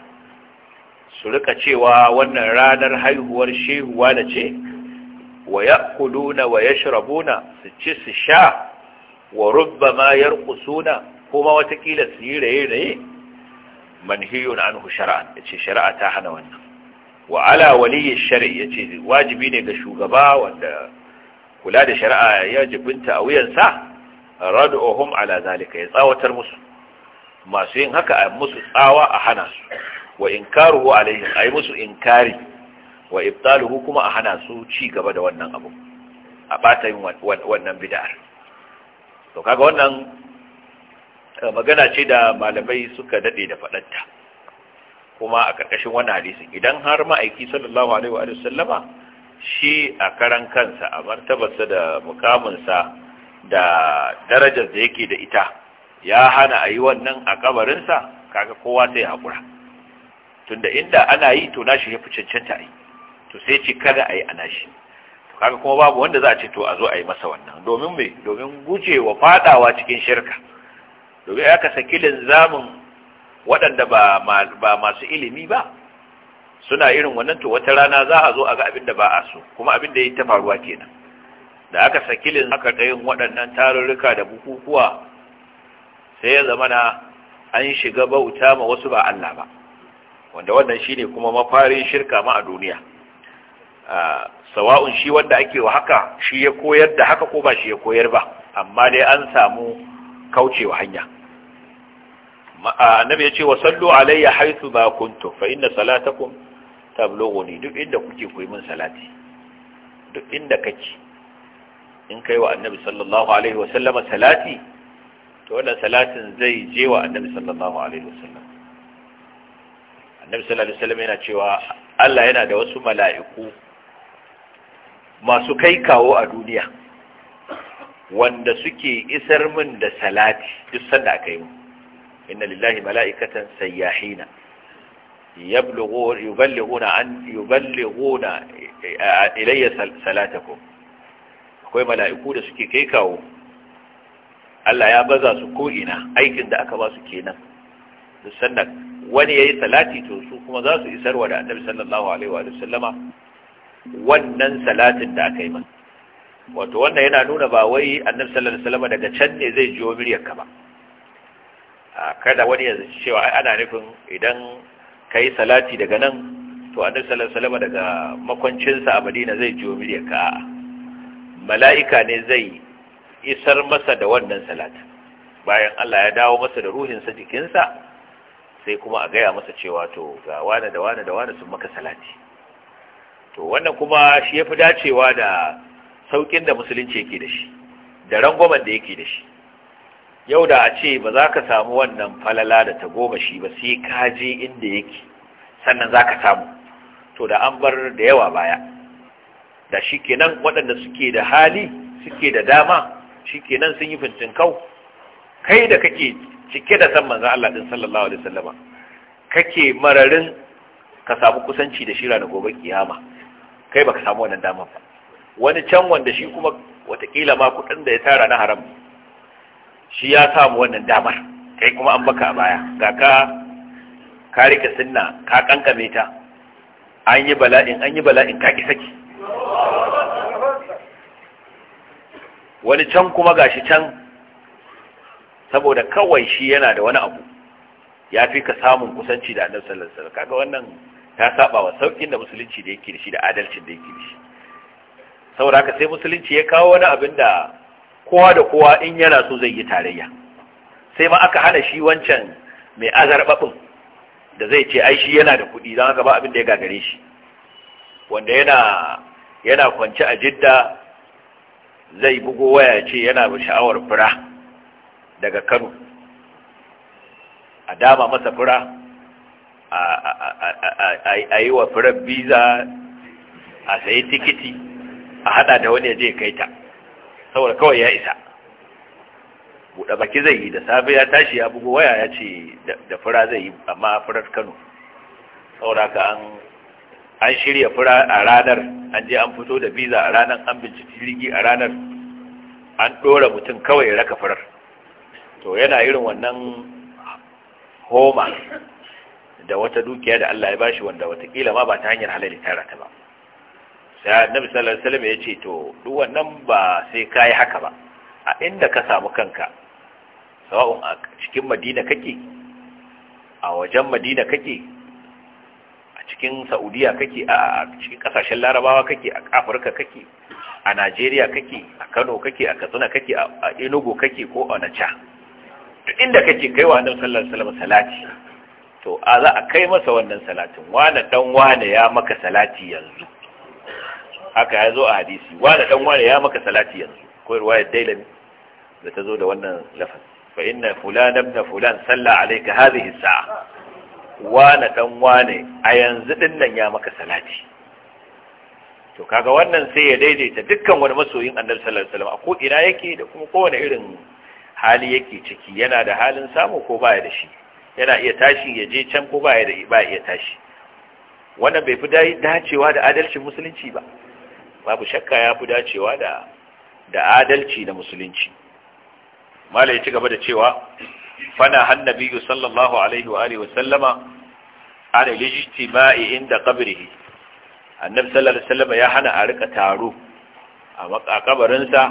su rika cewa wannan ranar haihuwar shehuwa da ce wa ya kuluna wa ya shirabuna su ci su sha wa rubba ma yar kusuna kuma watakila su yi raye-raye manhiyun an hushara da ce shari'a ta hana wannan wa ala waliyin ya ce wajibi ne ga shugaba wanda kula da shari'a ya jibinta a wuyansa rad'uhum ala zalika ya tsawatar musu masu yin haka a musu tsawa a hana su wa inkaruhu alaihim ay musu inkari wa ibtaluhu kuma a hana su ci gaba da wannan abu a bata yin wannan bid'ar to kaga wannan eh, magana ce da malamai suka dade da faɗanta. kuma a ƙarƙashin wannan hadisin idan har ma'aiki sallallahu alaihi wa sallama shi a karan kansa a martabarsa da mukaminsa da darajar da yake da ita ya hana a yi wannan a kabarinsa kaga kowa sai haƙura tunda inda ana yi to nashi ya fi cancanta yi to sai ce kada a yi a nashi kaga kuma babu wanda za a ce to a zo a yi masa wannan domin me domin gujewa fadawa cikin shirka domin aka sakilin zamun. waɗanda ba masu ilimi ba suna irin wannan to wata rana za a zo a ga abin da ba a so kuma abin da ya ta faruwa kenan da aka sakilin aka ɗayin waɗannan tarurruka da bukukuwa sai ya zama na an shiga bauta ma wasu ba Allah ba wanda wannan shi ne kuma mafarin shirka ma a duniya sawa'un shi wanda ake wa haka shi ya koyar da haka ko ba shi ya koyar ba amma dai an samu kaucewa hanya annabi ya ce wa sallu alayya haythu ma kuntum fa inna salatakum tablughuni duk inda kuke ku yi min salati duk inda kake in kai wa annabi sallallahu alaihi wa sallama salati to wannan salatin zai je wa annabi sallallahu alaihi wa sallam annabi sallallahu alaihi wa sallam yana cewa Allah yana da wasu mala'iku masu kai kawo a duniya wanda suke isar min da salati duk sanda aka yi mu inna lillahi mala'ikatan sayyahina yuballighuna an yuballighuna eh, eh, ilayya salatakum akwai mala'iku da suke kai kawo Allah ya baza su ko'ina aikin da aka ba su kenan sannan wani ya yi salati to su kuma za su isarwa da Annabi sallallahu alaihi wa sallama wannan salatin da aka yi masa wato wannan yana nuna ba wai Annabi sallallahu alaihi wa sallama daga can ne zai jiyo miryarka ba kada wani yanzu cewa ana nufin idan ka yi salati daga nan to annabi sallallahu salama daga makwancinsa a madina zai jiwo yaka, ka mala'ika ne zai isar masa da wannan salat bayan Allah ya dawo masa da ruhinsa jikinsa sai kuma a gaya masa cewa to ga wane da wane da wane sun maka salati to wannan kuma shi ya fi dacewa da saukin da musulunci yake da shi da rangwamen da yake da shi yau da a ce ba za ka samu wannan falala da ta goma shi ba sai ka je inda yake sannan za ka samu to da an bar da yawa baya da shi kenan waɗanda suke da hali suke da dama shi kenan sun yi fintinkau kai da kake cike da san manzan Allah ɗin sallallahu alaihi wasallama kake mararin ka samu kusanci da shira da gobe kiyama kai baka samu wannan dama ba wani can wanda shi kuma watakila ma kuɗin da ya tara na haram shi ya samu wannan damar kai kuma an baka a baya ga ka ka rike sunna ka kankame ta an yi bala'in an yi bala'in ka ki saki wani can kuma gashi can saboda kawai shi yana da wani abu ya fi ka samun kusanci da annabi sallallahu alaihi wasallam kaga wannan ta saba wa saukin da musulunci da yake da shi da adalcin da yake da shi saboda haka sai musulunci ya kawo wani abin da kowa da kowa in yana so zai yi tarayya sai ma aka hana shi wancan mai azarbabin da zai ce ai shi yana da kuɗi don haka ba abin da ya gagare shi wanda yana yana kwance a jidda zai bugo waya ce yana da sha'awar fura daga kano a dama masa fura a yi wa fura biza a sayi tikiti a hada da wani ya je kai ta saboda kawai ya isa buɗe baki zai yi da safe ya tashi ya bugo waya ya ce da fura zai yi amma furar kano saboda ka an shirya fura a ranar an je an fito da biza a ranar an binciki jirgi a ranar an ɗora mutum kawai ya raka furar to yana irin wannan homa da wata dukiya da Allah ya bashi wanda watakila ma ba ta hanyar halalin da ta ba sai annabi sallallahu alaihi wasallam ya ce to duk wannan ba sai kai haka ba a inda ka samu kanka sawa'un a cikin madina kake a wajen madina kake a cikin saudiya kake a cikin kasashen larabawa kake a afirka kake a najeriya kake a kano kake a katsina kake a enugu kake ko a nacha duk inda kake kai wa annabi sallallahu alaihi wasallam salati to a za a kai masa wannan salatin wane dan wane ya maka salati yanzu haka ya zo a hadisi wani dan wane ya maka salati yanzu ko riwayar dailami da ta zo da wannan lafaz fa inna fulan ibn fulan salla alayka hadhihi sa'a na dan wane a yanzu din nan ya maka salati to kaga wannan sai ya daidaita dukkan wani masoyin annabi sallallahu alaihi wasallam a ko ina yake da kuma kowane irin hali yake ciki yana da halin samu ko baya da shi yana iya tashi ya je can ko baya da ba iya tashi wannan bai fi dacewa da adalcin musulunci ba babu shakka ya fi dacewa da da adalci da musulunci mala ci gaba da cewa fana hannabi sallallahu alaihi wa alihi wa sallama an lijtima'i inda qabrihi annabi sallallahu alaihi wasallam ya hana a rika taro a makakabarinsa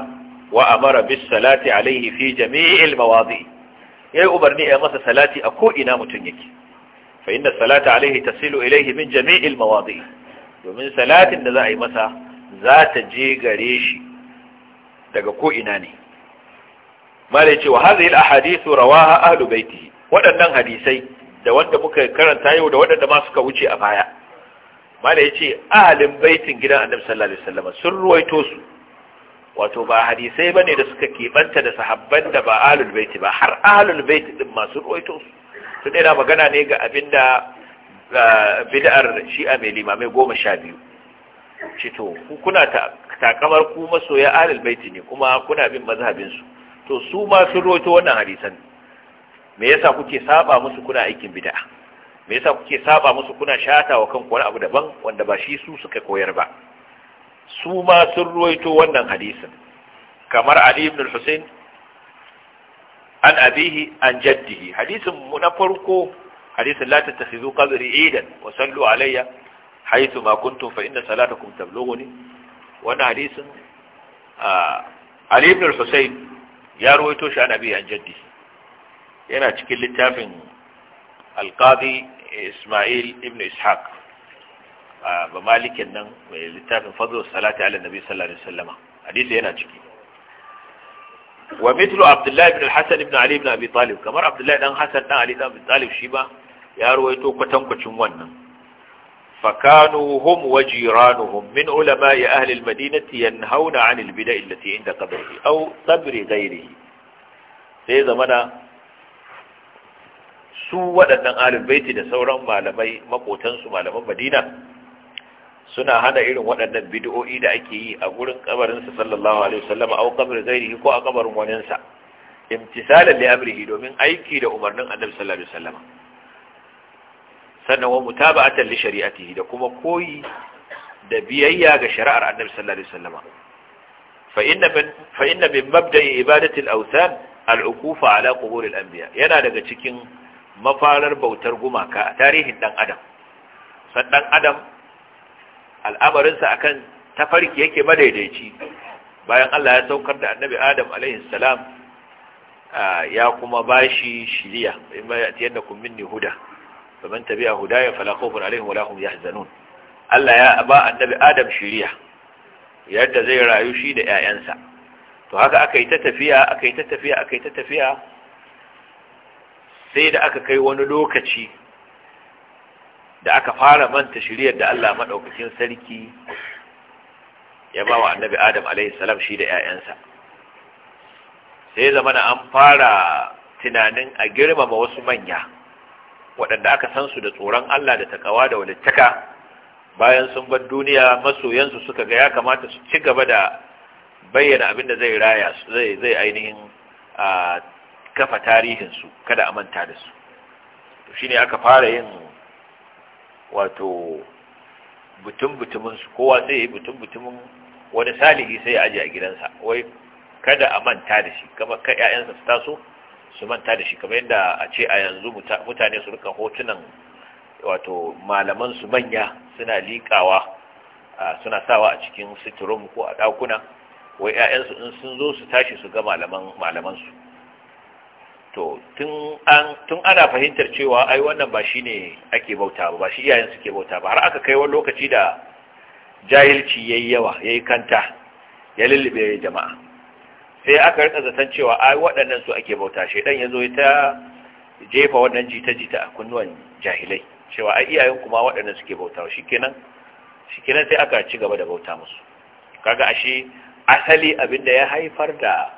wa amara bis salati alaihi fi jami'il mawadi yayi ubarni ya masa salati a ko ina mutun yake fa inna salata alaihi tasilu ilaihi min jami'il mawadi domin salatin da za a yi masa za ta je gare shi daga ko ina ne mare cewa hadhihi al rawaha ahlu baiti waɗannan hadisai da wanda muka karanta yau da waɗanda ma suka wuce a baya mare ce ahalin baitin gidan annabi sallallahu alaihi wasallam sun ruwaito su wato ba hadisai ne da suka banta da sahabban da ba ahlul baiti ba har ahlul baiti din ma sun ruwaito su tun magana ne ga abinda bid'ar shi'a mai limamai goma sha biyu Cito, to kuna takamar ku masoya ahlul baiti ne kuma kuna bin mazhabin su to su ma sun roto wannan hadisan me yasa kuke saba musu kuna aikin bid'a me yasa kuke saba musu kuna shata wa kanku wani abu daban wanda ba shi su suka koyar ba su ma sun roto wannan hadisan. kamar Ali ibn al-Husayn an abihi an jaddihi hadisin mu na farko hadisin la tattakhidhu qabri idan wa sallu alayya haythu ma kuntum fa inna salatakum tablughuni wannan hadisin Ali ibn al-Husayn ya ruwaito shi an abi an jaddi yana cikin littafin alqadi Isma'il ibn Ishaq ba malikin nan mai littafin fadlus salati ala nabi sallallahu alaihi wasallama hadisi yana ciki wa mithlu Abdullah ibn al-Hasan ibn Ali ibn Abi Talib kamar Abdullah dan Hasan dan Ali dan Abi Talib shi ba ya ruwaito kwatankwacin wannan فكانوا هم وجيرانهم من علماء أهل المدينة ينهون عن البدع التي عند قبره أو قبر غيره sai zamana su waɗannan alibaiti da sauran malamai makotansu malaman madina suna hana irin waɗannan bid'o'i da ake yi a gurin kabarinsa sallallahu alaihi wasallam au kabar zairihi ko a kabarin waninsa imtisalan li amrihi domin aiki da umarnin annabi sallallahu alaihi sannan wa mutaba'atan li shari'atihi da kuma koyi da biyayya ga shari'ar annabi sallallahu alaihi wasallam fa inna fa inna min mabda'i ibadati al-awthan al-uqufa ala qubur al-anbiya yana daga cikin mafarar bautar gumaka a tarihin dan adam san dan adam al'amarinsa akan tafarki yake madaidaici bayan Allah ya saukar da annabi Adam alaihi salam ya kuma bashi shiriya imma kun minni huda faman a hudaya fala khawfun alaihim wala hum yahzanun Allah ya ba annabi Adam shiriya yadda zai rayu shi da ƴaƴansa to haka aka yi ta tafiya aka yi ta tafiya aka yi ta tafiya sai da aka kai wani lokaci da aka fara manta shiriyar da Allah maɗaukacin sarki ya ba wa annabi Adam alaihi salam shi da ƴaƴansa sai zamana an fara tunanin a girmama wasu manya waɗanda aka san su da tsoron Allah da takawa da walittaka bayan sun bar duniya masoyansu suka ga ya kamata su ci gaba da bayyana abin da zai raya su zai zai ainihin a kafa tarihinsu kada a manta da su to shine aka fara yin wato butun butumin su kowa sai yi butun butumin wani salihi sai ya aje a gidansa wai kada a manta da shi kamar ka ƴaƴansa su taso su manta da shi kamar yadda a ce a yanzu mutane su rika hotunan wato malaman su manya suna likawa suna sawa a cikin sitirum ko a dakuna wai 'ya'yansu in sun zo su tashi su ga malaman malaman su to tun ana fahimtar cewa ai wannan ba shi ne ake bauta ba ba shi iyayen suke bauta ba har aka kai wani lokaci da jahilci yayi yawa yayi kanta ya lullube jama'a sai aka rika zaton cewa ai waɗannan su ake bauta shaidan ya zo ta jefa wannan jita-jita a kunnuwan jahilai cewa ai iyayen kuma waɗannan suke bauta shikenan shikenan sai aka ci gaba da bauta musu kaga ashe asali abinda ya haifar da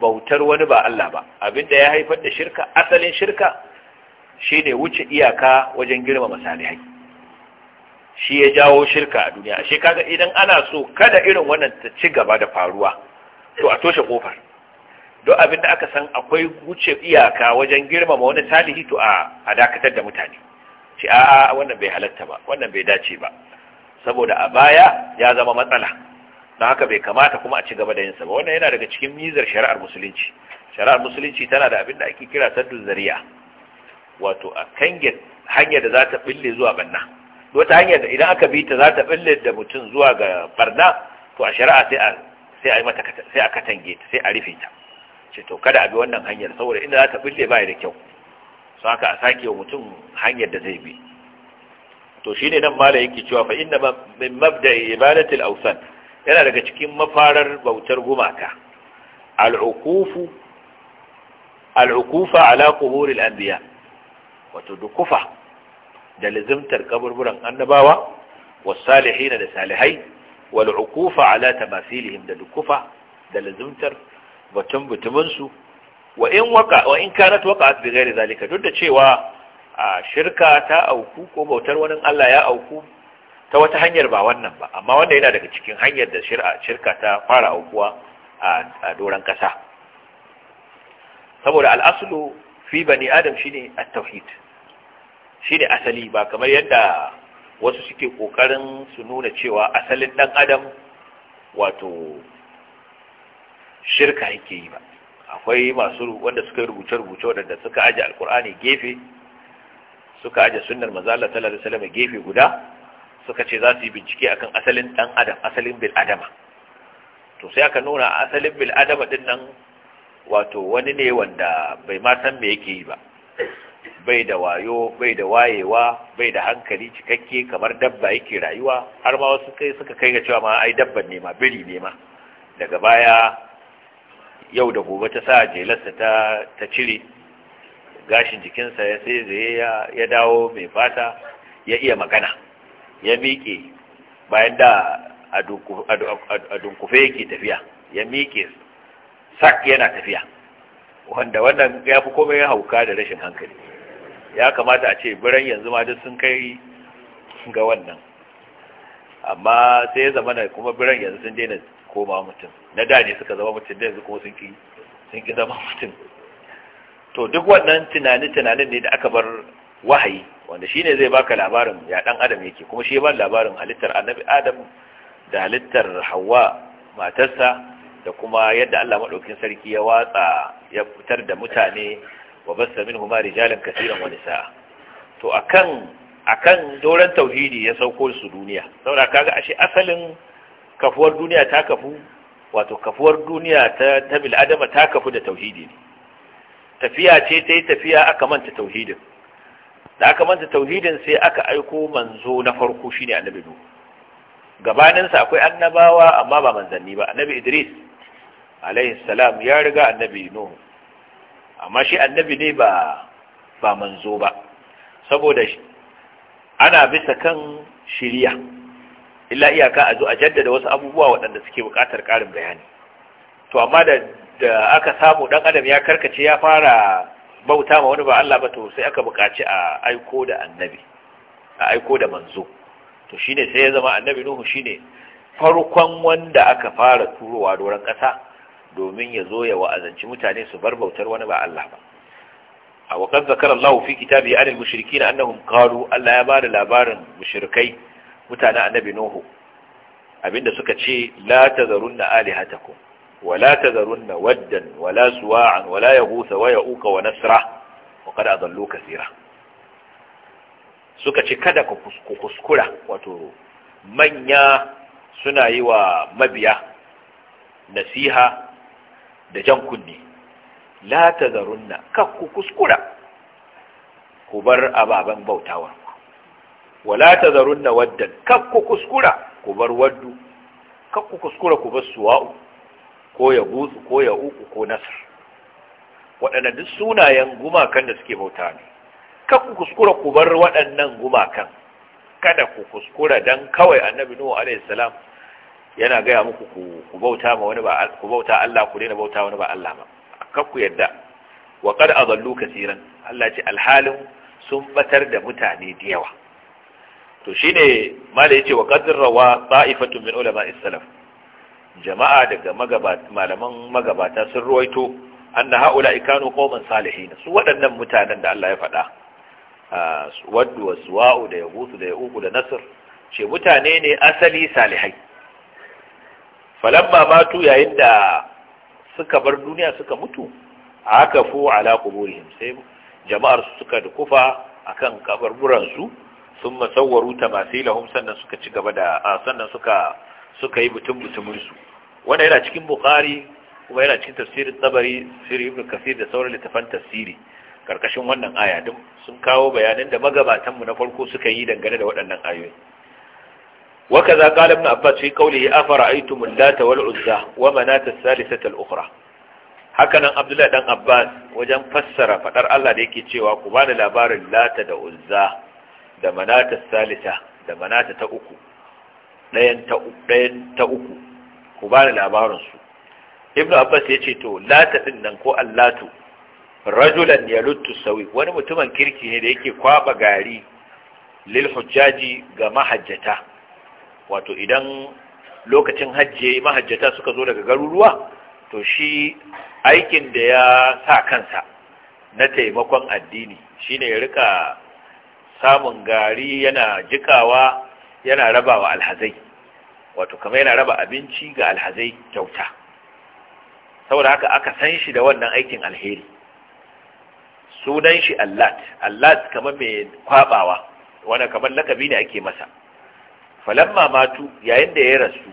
bautar wani ba Allah ba abinda ya haifar da shirka asalin shirka shine wuce iyaka wajen girmama masalihai shi ya jawo shirka a duniya ashe kaga idan ana so kada irin wannan ta ci gaba da faruwa to a toshe kofar duk abin da aka san akwai wuce iyaka wajen girmama wani salihi to a dakatar da mutane ce a'a wannan bai halatta ba wannan bai dace ba saboda a baya ya zama matsala don haka bai kamata kuma a ci gaba da yinsa ba wannan yana daga cikin mizar shari'ar musulunci shari'ar musulunci tana da abin da ake kira saddun zariya wato a kange hanyar da za ta bille zuwa barna wata hanyar da idan aka bi ta za ta bille da mutum zuwa ga barna to a shari'a sai a sai a yi mata sai a katange ta sai a rufe ta ce to kada a bi wannan hanyar saboda inda za ta bulle ba da kyau su haka a sake wa mutum hanyar da zai bi to shine nan mala yake cewa fa inna min mabda'i ibadati awsan yana daga cikin mafarar bautar gumaka al-ukufu al ala qubur anbiya wato dukufa da lazimtar kaburburan annabawa wa salihin da salihai wal'ukufa ala tamasilihim da dukufa da lazumtar batun butumin su wa in waka wa in kanat waqa'at bi ghairi zalika duk da cewa shirka ta auku ko bautar wani Allah ya auku ta wata hanyar ba wannan ba amma wanda yana daga cikin hanyar da shirka ta fara aukuwa a doron kasa saboda al'aslu fi bani adam shine at-tauhid shine asali ba kamar yadda wasu suke kokarin su nuna cewa asalin dan adam wato shirka yake yi ba akwai masu wanda suka rubuce-rubuce wadanda suka aje alkur'ani gefe suka aje sunnar manzo Allah sallallahu alaihi wasallam gefe guda suka ce za su yi bincike akan asalin dan adam asalin bil adama to sai aka nuna asalin bil adama din nan wato wani ne wanda bai ma san me yake yi ba bai da wayo bai da wayewa bai da hankali cikakke kamar dabba yake rayuwa har ma wasu kai suka kai ga cewa ma ai dabban ne ma biri ne ma daga baya yau da gobe ta sa jelarsa ta ta cire gashin jikinsa ya sai zai ya, dawo mai fata ya iya magana ya miƙe bayan da a dunkufe yake tafiya ya miƙe sak yana tafiya wanda wannan ya fi komai hauka da rashin hankali ya kamata a ce biran yanzu ma duk sun kai ga wannan amma sai ya zama na kuma biran yanzu sun daina koma mutum na da ne suka zama mutum da yanzu kuma sun ki sun ki zama mutum to duk wannan tunani-tunanin ne da aka bar wahayi wanda shine zai baka labarin ya dan adam yake kuma shi ban labarin halittar annabi adam da halittar hawa matarsa da kuma yadda Allah madaukin sarki ya watsa ya fitar da mutane wa bassa huma rijalan kasiran wani sa'a. to akan akan doran tauhidi ya sauko su duniya saboda kaga ashe asalin kafuwar duniya ta kafu wato kafuwar duniya ta ta bil adama ta kafu da tauhidi ne tafiya ce ta yi tafiya aka manta tauhidin da aka manta tauhidin sai aka aiko manzo na farko shine annabi nuhu gabaninsa akwai annabawa amma ba manzanni ba annabi idris alaihi salam ya riga annabi nuhu amma shi annabi ne ba ba manzo ba saboda ana bisa kan shiriya illa iyaka a zo a jaddada wasu abubuwa waɗanda suke buƙatar ƙarin bayani to amma da da aka samu ɗan adam ya karkace ya fara bauta ma wani ba Allah ba to sai aka buƙaci a aiko da annabi a aiko da manzo to shine sai ya zama annabi nuhu shine farkon wanda aka fara turowa doron ƙasa domin ya zo ya wa'azanci mutane su bar bautar wani ba Allah ba a wakan zakar Allah fi kitabi anil mushriki na annahum qalu Allah ya bada labarin mushrikai mutanen annabi Nuhu abinda suka ce la tazarunna alihatakum wa la tazarunna waddan wa la suwa'an wa la yaghutha wa ya'uka wa nasra wa qad adallu kathira suka ce kada ku kuskura wato manya suna yi wa mabiya nasiha da jan kunne la tazarunna kakku kuskura ku bar ababen bautawar ku wala tazarunna waddan kakku kuskura ku bar waddu kakku kuskura ku bar suwa'u ko ya busu ko ya uku ko nasr waɗanda duk sunayen gumakan da suke bauta ne kakku kuskura ku bar waɗannan gumakan kada ku kuskura dan kawai annabi nuhu alaihi salam yana gaya muku ku bauta ma wani ba ku bauta Allah ku daina bauta wani ba Allah ba kar ku yadda wa qad adallu kaseeran Allah ce alhalin sun batar da mutane da yawa to shine mala yace wa qad rawa ta'ifatu min ulama salaf jama'a daga magabata malaman magabata sun ruwaito anna haula ikanu qauman salihin su waɗannan mutanen da Allah ya faɗa waddu waswa'u da yahusu da yauku da nasr ce mutane ne asali salihai falamma batu yayin da suka bar duniya suka mutu aka fu ala quburihim sai jama'ar su suka dukufa akan kaburburan su sun masawwaru tamasilahum sannan suka ci gaba da sannan suka suka yi mutum butumin su wanda yana cikin bukhari kuma yana cikin tafsirin tabari sirri ibn kafir da sauran littafan tafsiri karkashin wannan aya din sun kawo bayanan da magabatan mu na farko suka yi dangane da waɗannan ayoyi وكذا قال ابن عباس في قوله أفرأيتم اللات والعزى ومناة الثالثة الأخرى hakanan abdullahi dan abbas wajen fassara faɗar Allah da yake cewa ku bani labarin lata da uzza da manata salisa da manata ta uku ɗayan ta uku ku bani labarin su ibnu abbas ya ce to lata din nan ko allatu rajulan sawi wani mutumin kirki ne da yake kwaba gari lil hujjaji ga mahajjata wato idan lokacin hajji mahajjata suka zo daga garuruwa to shi aikin da ya sa kansa na taimakon addini shine ya rika samun gari yana jikawa yana raba wa alhazai wato kama yana raba abinci ga alhazai kyauta saboda haka aka san shi da wannan aikin alheri sunan shi allat allat kama mai kwabawa wanda kamar lakabi ne ake masa falamma matu yayin da ya rasu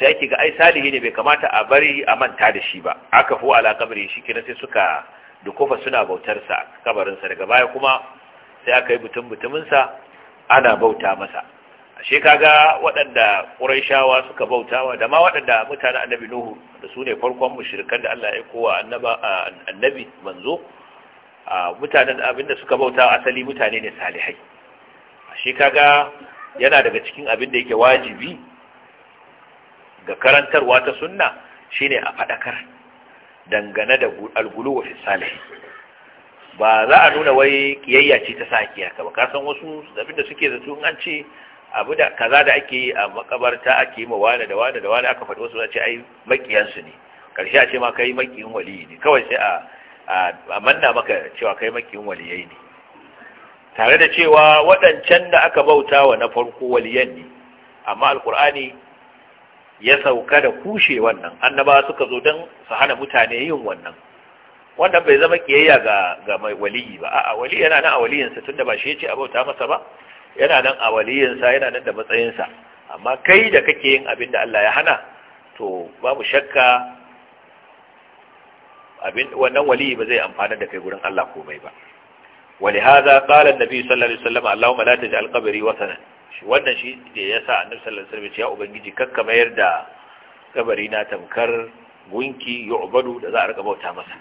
sai ake ga ai salihi ne bai kamata a bari a manta da shi ba aka fi ala kabari shi kina sai suka dukofa suna bautar sa kabarin sa daga baya kuma sai aka yi butun butumin sa ana bauta masa ashe kaga waɗanda Qurayshawa suka bautawa da ma waɗanda mutanen Annabi Nuhu da su ne farkon mushrikan da Allah ya kowa annaba annabi manzo mutanen abinda suka bauta asali mutane ne salihai ashe kaga yana daga cikin abin da yake wajibi ga karantarwa ta sunna shine a faɗakar dangane da algulu wa fisalihi ba za a nuna wai kiyayya ce ta sakiya ka ba kasan wasu abin da suke zato an ce abu da kaza da ake yi a makabarta ake yi ma wani da wani da wani aka faɗi wasu ce ai makiyansu ne karshe a ce ma kai makiyin waliyi ne kawai sai a manna maka cewa kai makiyin waliyai ne tare da cewa waɗancan da aka bauta wa na farko waliyan ne amma alkur'ani ya sauka da kushe wannan annaba suka zo don su hana mutane yin wannan wannan bai zama kiyayya ga ga mai waliyi ba a'a wali yana nan a waliyinsa tunda ba shi ya ce a bauta masa ba yana nan a waliyinsa yana nan da matsayinsa amma kai da kake yin abin da Allah ya hana to babu shakka abin wannan waliyi ba zai amfana da kai gurin Allah komai ba ولهذا قال النبي صلى الله عليه وسلم اللهم لا تجعل قبري وثنا wannan shi da ya sa annabi sallallahu alaihi wasallam ya ubangiji kakka mayar da kabari na tamkar gunki yu'badu da za a rika bauta masa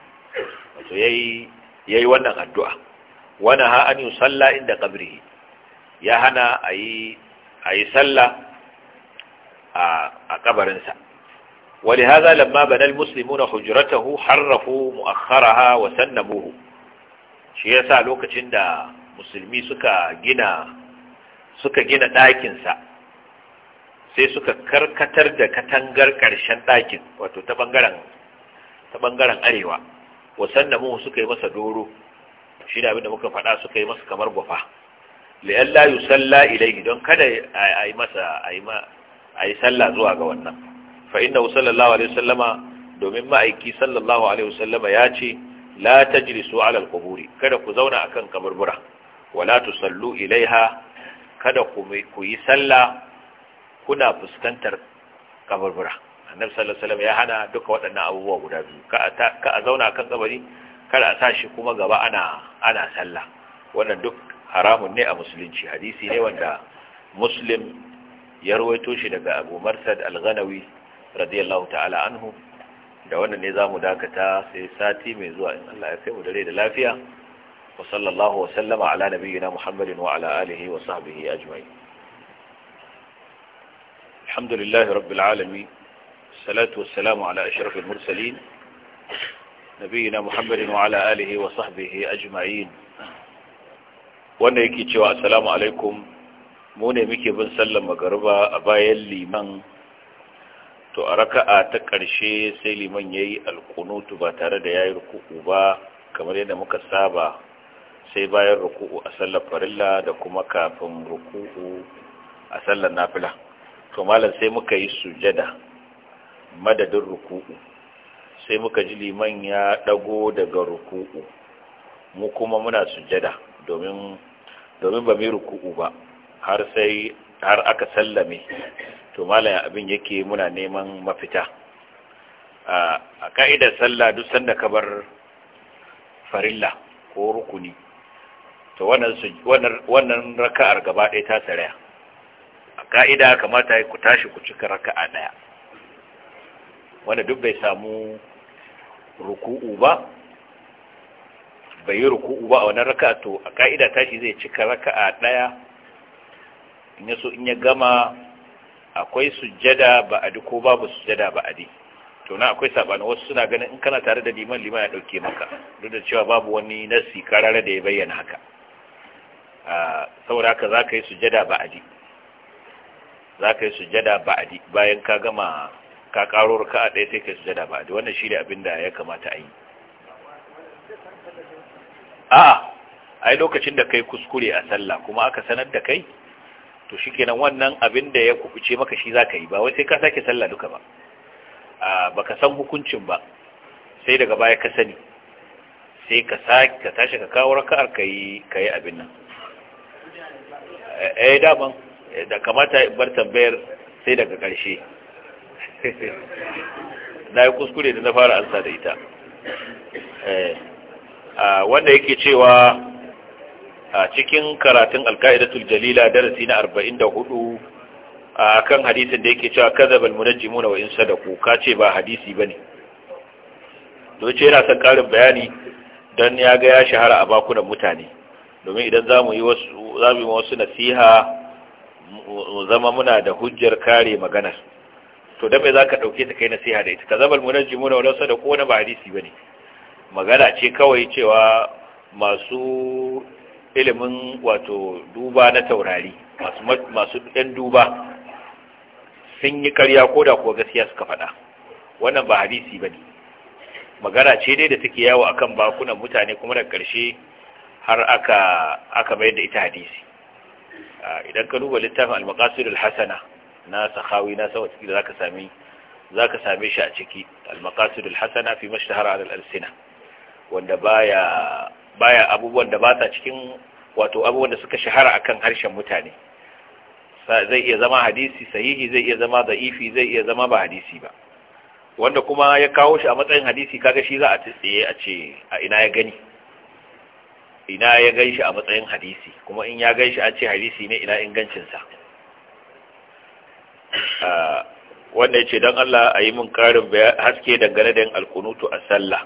wato yayi yayi wannan addu'a wana ha an yusalla inda qabri ya hana ayi ayi salla a a kabarin sa ولهذا لما بنى المسلمون حجرته حرفوا مؤخرها وسنبوه shi ya sa lokacin da musulmi suka gina suka gina ɗakinsa sai suka karkatar da katangar ƙarshen ɗakin wato ta ɓangaren arewa wasan da mu suka yi masa doro shi da abin da muka faɗa suka yi masa kamar gwafa liyan layu salla ilaihi don kada a yi masa a yi salla zuwa ga wannan fa'in da sallallahu alaihi wasallama domin ma'aiki sallallahu alaihi wasallama ya ce la tajlisu ala al kada ku zauna akan kaburbura wala tusallu ilaiha kada ku yi sallah kuna fuskantar kaburbura annabi sallallahu alaihi ya hana duka waɗannan abubuwa guda biyu ka a zauna akan kabari kada a shi kuma gaba ana ana sallah wannan duk haramun ne a musulunci hadisi ne wanda muslim ya rawaito shi daga abu marsad al-ghanawi radiyallahu ta'ala anhu da wannan ne za mu dakata sai sati mai zuwa in Allah ya kai mu dare da lafiya wa sallallahu wa sallama ala nabiyyina muhammadin wa ala alihi wa sahbihi ajma'in alhamdulillahi rabbil alamin salatu wa wassalamu ala ashrafil mursalin nabiyyina muhammadin wa ala alihi wa sahbihi ajma'in wanda yake cewa assalamu alaikum mu ne muke bin sallan magariba a bayan liman to a raka'a ta ƙarshe sai liman ya yi alkunutu ba tare da ya yi ruku'u ba kamar yadda muka saba sai bayan ruku'u a sallar farilla da kuma kafin ruku'u a sallar nafila to malam sai muka yi sujada madadin ruku'u sai muka ji liman ya ɗago daga ruku'u mu kuma muna sujada domin ba mai ruku'u ba har sai har aka sallame to malaya abin yake muna neman mafita a ka'idar sallah duk sanda ka bar farilla ko rukuni to wannan raka'ar gaba ɗaya ta tsaraya a ka'ida kamata ku tashi ku cika raka'a ɗaya wanda duk bai samu ruku'u ba bai yi ruku'u ba a wannan raka'a to a ka'ida tashi zai cika raka'a ɗaya in so in ya gama akwai sujjada ba'adi ko babu sujjada ba'adi to na akwai sabani wasu suna ganin in kana tare da liman liman ya dauke maka duk da cewa babu wani nasi karara da ya bayyana haka A saboda haka za ka yi sujjada ba'adi za ka yi sujjada ba'adi bayan ka gama ka karo a ɗaya sai ka sujjada ba'adi wannan shi ne abin da ya kamata a yi a'a ai lokacin da kai kuskure a sallah kuma aka sanar da kai to kenan wannan abin da ya kubuce maka shi za ka yi ba wai sai ka sake sallah duka ba a baka san hukuncin ba sai daga baya ka sani sai ka sake tashi ka kawo raka'ar ka yi ka yi abin nan eh, eh daban eh, da kamata bar tambayar sai daga ƙarshe na yi kuskure da na fara ansa da ita eh, wanda yake cewa a cikin karatun alka'idatul jalila darasi na 44 a kan hadisin da yake cewa kazabal munajjimuna wa in sadaku kace ba hadisi bane to ce yana son karin bayani dan ya ga ya shahara a bakunan mutane domin idan zamu yi wasu zamu yi wasu nasiha mu zama muna da hujjar kare maganar to dan za zaka dauke ta kai nasiha da ita kazaba munajjimuna wa in sadaku na ba hadisi bane magana ce kawai cewa masu ilimin wato duba na taurari masu ɗan duba sun yi karya ko da kuwa gaskiya suka faɗa wannan ba hadisi ba ne magana ce dai da take yawo a kan bakunan mutane kuma da ƙarshe har aka mayar da ita hadisi idan ka duba littafin almakasir maqasidul na sahawi na sawa ciki da za same same shi a ciki almakasir maqasidul fi mashi al-alsina wanda baya baya abubuwan da ba sa cikin wato abubuwan da suka shahara akan harshen mutane zai iya zama hadisi sahihi zai iya zama da'ifi zai iya zama ba hadisi ba wanda kuma ya kawo shi a matsayin hadisi kaga shi za a tsaye a ce a ina ya gani ina ya gan shi a matsayin hadisi kuma in ya gan shi an ce hadisi ne ina ingancinsa ah, wanda ya ce don Allah a yi min karin haske dangane da yin alkunutu a sallah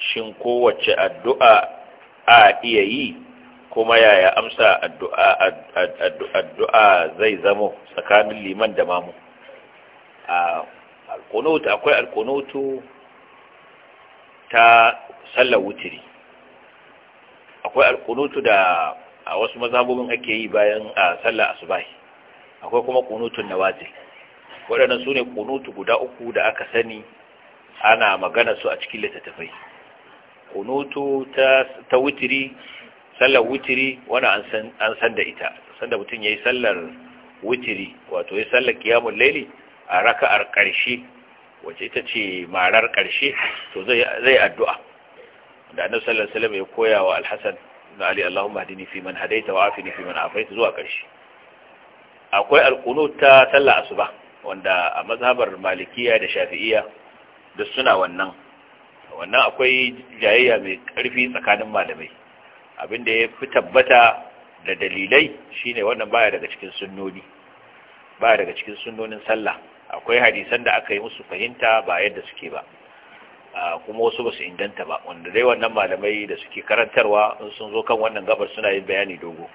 shin kowace addu'a a iya yi kuma yaya amsa addu'a zai zamo tsakanin liman da mamu a alkunutu akwai alkunutu ta sallar wutiri akwai alkunutu da a wasu mazabobin ake yi bayan a sallar asubahi akwai kuma kunutun nawazil waɗannan su ne kunutu guda uku da aka sani ana magana su a cikin littattafai kunutu ta wutiri sallar wutiri wani an san da ita sanda mutum ya yi sallar wutiri wato ya sallar kiyamun laili a raka'ar ƙarshe wacce ita ce marar ƙarshe to zai addu'a da annabi sallallahu alaihi wasallam ya koya wa alhasan ibn ali allahumma hadini fi man hadaita wa afini fi man afaita zuwa ƙarshe akwai alqunut ta sallar asuba wanda a mazhabar malikiya da shafi'iyya duk suna wannan wannan akwai jayayya mai ƙarfi tsakanin malamai abin da ya fi tabbata da dalilai shine wannan baya daga cikin sunnoni baya daga cikin sunnonin sallah akwai hadisan da aka yi musu fahimta ba yadda suke ba kuma wasu ba su inganta ba wanda dai wannan malamai da suke karantarwa in sun zo kan wannan gabar suna yin bayani dogo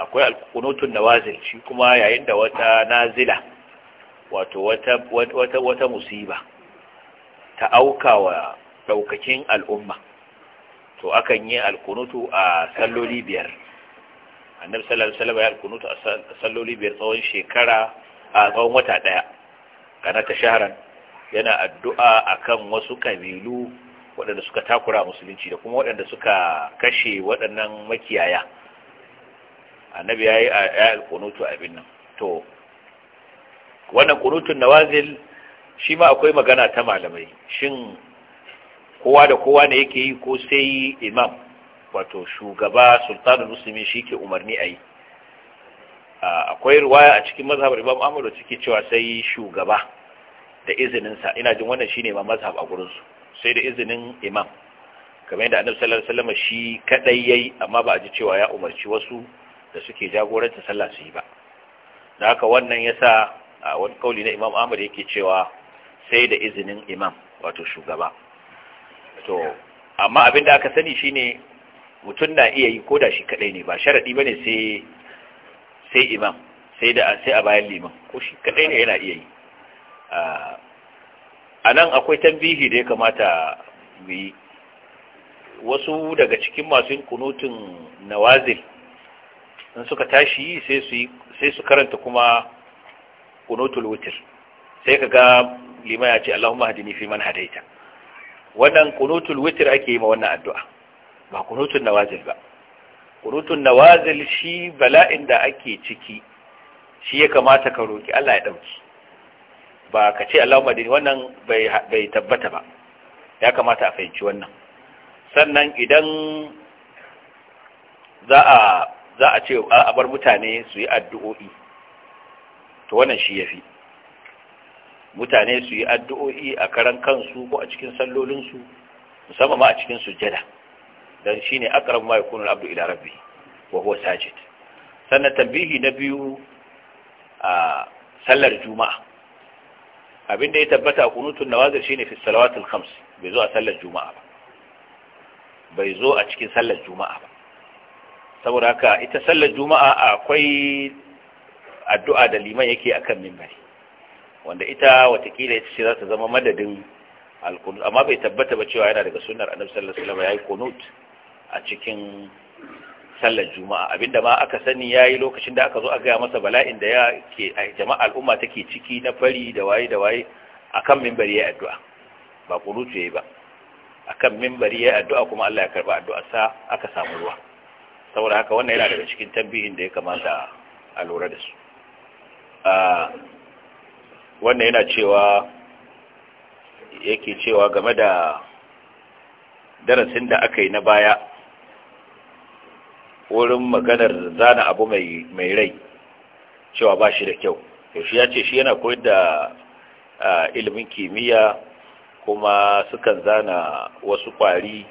akwai alkunutun nawazil shi kuma yayin da wata nazila wato wata wata musiba ta auka wa ɗaukakin al'umma to akan yi alkunutu a salloli biyar annabi salar alaihi ya alkunutu a salloli biyar tsawon shekara a tsawon wata ɗaya. kana ta shaharan yana addu'a a kan wasu kabilu waɗanda suka takura musulunci da kuma waɗanda suka kashe waɗannan makiyaya annabi ya yi alkunutu abin nan to wannan kunutun nawazil shi ma akwai magana ta malamai shin kowa da kowa ne yake yi ko sai imam wato shugaba sultanul musulmi shi ke umarni a yi akwai ruwaya a cikin mazhabar imam amur da ciki cewa sai shugaba da izininsa ina jin wannan shine ma mazhab a gurinsu sai da izinin imam kamar yadda annabi sallallahu alaihi wasallam shi kadai yayi amma ba a ji cewa ya umarci wasu da suke jagoranta sallah su yi ba da haka wannan yasa a wani kauli na imam ahmad yake cewa sai da izinin imam wato shugaba to amma abin da aka sani shine mutum na iya yi ko da shi kadai ne ba sharaɗi ba ne sai imam sai da a bayan liman ko shi kadai ne yana iya yi a nan akwai tambihi da ya kamata mu yi wasu daga cikin masu kunutun nawazil in suka tashi yi sai su karanta kuma kunutul wutir sai ka ga lima ya ce Allahumma hadini fi man hadaita wannan qunutul witr ake yi ma wannan addu'a ba qunutun nawazil ba qunutun nawazil shi bala'in da ake ciki shi ya kamata ka roki Allah ya dauki ba ka ce Allahumma hadini wannan bai bai tabbata ba ya kamata a fahimci wannan sannan idan za a za a ce a bar mutane su yi addu'o'i to wannan shi yafi mutane su yi addu'o'i a karan kansu ko a cikin sallolinsu musamman ma a cikin sujjada dan shine aqrab ma yakunu al-abdu ilarabi rabbi wa huwa sajid sannan tambihi na biyu a sallar juma'a abinda ya tabbata kunutun nawazir shine fi salawatul khams bai zo a sallar juma'a ba bai zo a cikin sallar juma'a ba saboda haka ita sallar juma'a akwai addu'a da liman yake akan minbari wanda ita watakila ita ce za ta zama madadin alkunut amma bai tabbata ba cewa yana daga sunnar annabi sallallahu alaihi wasallam yayi kunut a cikin sallar juma'a abinda ma aka sani yayi lokacin da aka zo a gaya masa bala'in da ya ke jama'a al'umma take ciki na fari da waye da waye akan minbari yayi addu'a ba kunut yayi ba akan minbari yayi addu'a kuma Allah ya karba addu'ar sa aka samu ruwa saboda haka wannan yana daga cikin tambihin da ya kamata a lura da su ah, wannan yana cewa yake cewa game da darasin da aka yi na baya wurin maganar zana abu mai rai cewa ba shi da kyau yaushe ya ce shi yana koyar da ilimin kimiyya kuma sukan zana wasu kwari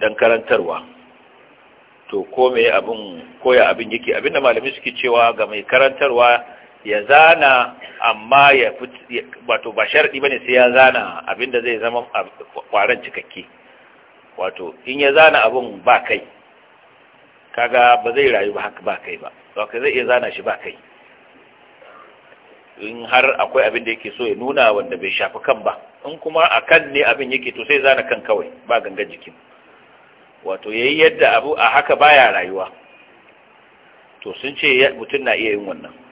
don karantarwa to ko abin koya abin yake da malamai suke cewa ga mai karantarwa ya zana amma ya wato ba sharɗi ne sai ya zana abinda zai zama kwaran cikakke wato in ya zana abin ba kai kaga ba zai rayu ba haka ba kai ba wakil zai iya zana shi ba kai in har akwai abin da yake so ya nuna wanda bai shafi kan ba in kuma a kan ne abin yake to sai zana kan kawai ba gangan jikin wato yi yadda abu a haka baya rayuwa to sun ce mutum na iya yin wannan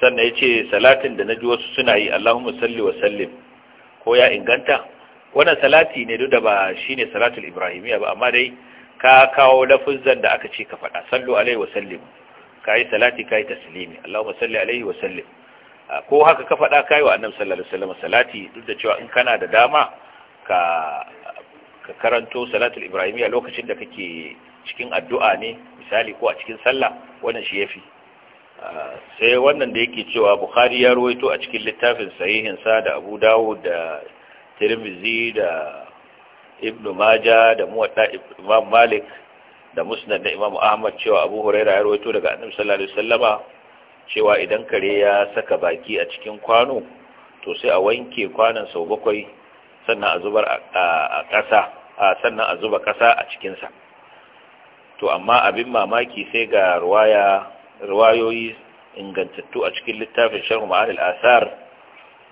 sannan ya ce salatin da na ji wasu suna yi Allahumma salli wa sallim ko ya inganta wannan salati ne duk da ba shine salatul ibrahimiyya ba amma dai ka kawo lafuzzan da aka ce ka faɗa sallu alaihi wa sallim kai salati kai taslimi Allahumma salli alaihi wa sallim ko haka ka faɗa kai wa annabi sallallahu alaihi wasallam salati duk da cewa in kana da dama ka ka karanto salatul ibrahimiyya lokacin da kake cikin addu'a ne misali ko a cikin sallah wannan shi yafi sai wannan da yake cewa bukhari ya ruwaito a cikin littafin sahihinsa da abu dawud da tirmizi da ibn maja da muwatta imam malik da musnad da imam ahmad cewa abu huraira ya ruwaito daga annabi sallallahu alaihi wasallama cewa idan kare ya saka baki a cikin kwano to sai a wanke kwanon sau bakwai sannan a zubar a ƙasa a sannan a zuba ƙasa a cikinsa to amma abin mamaki sai ga ruwaya riwayoyi ingantattu a cikin littafin sharhu ma'anil asar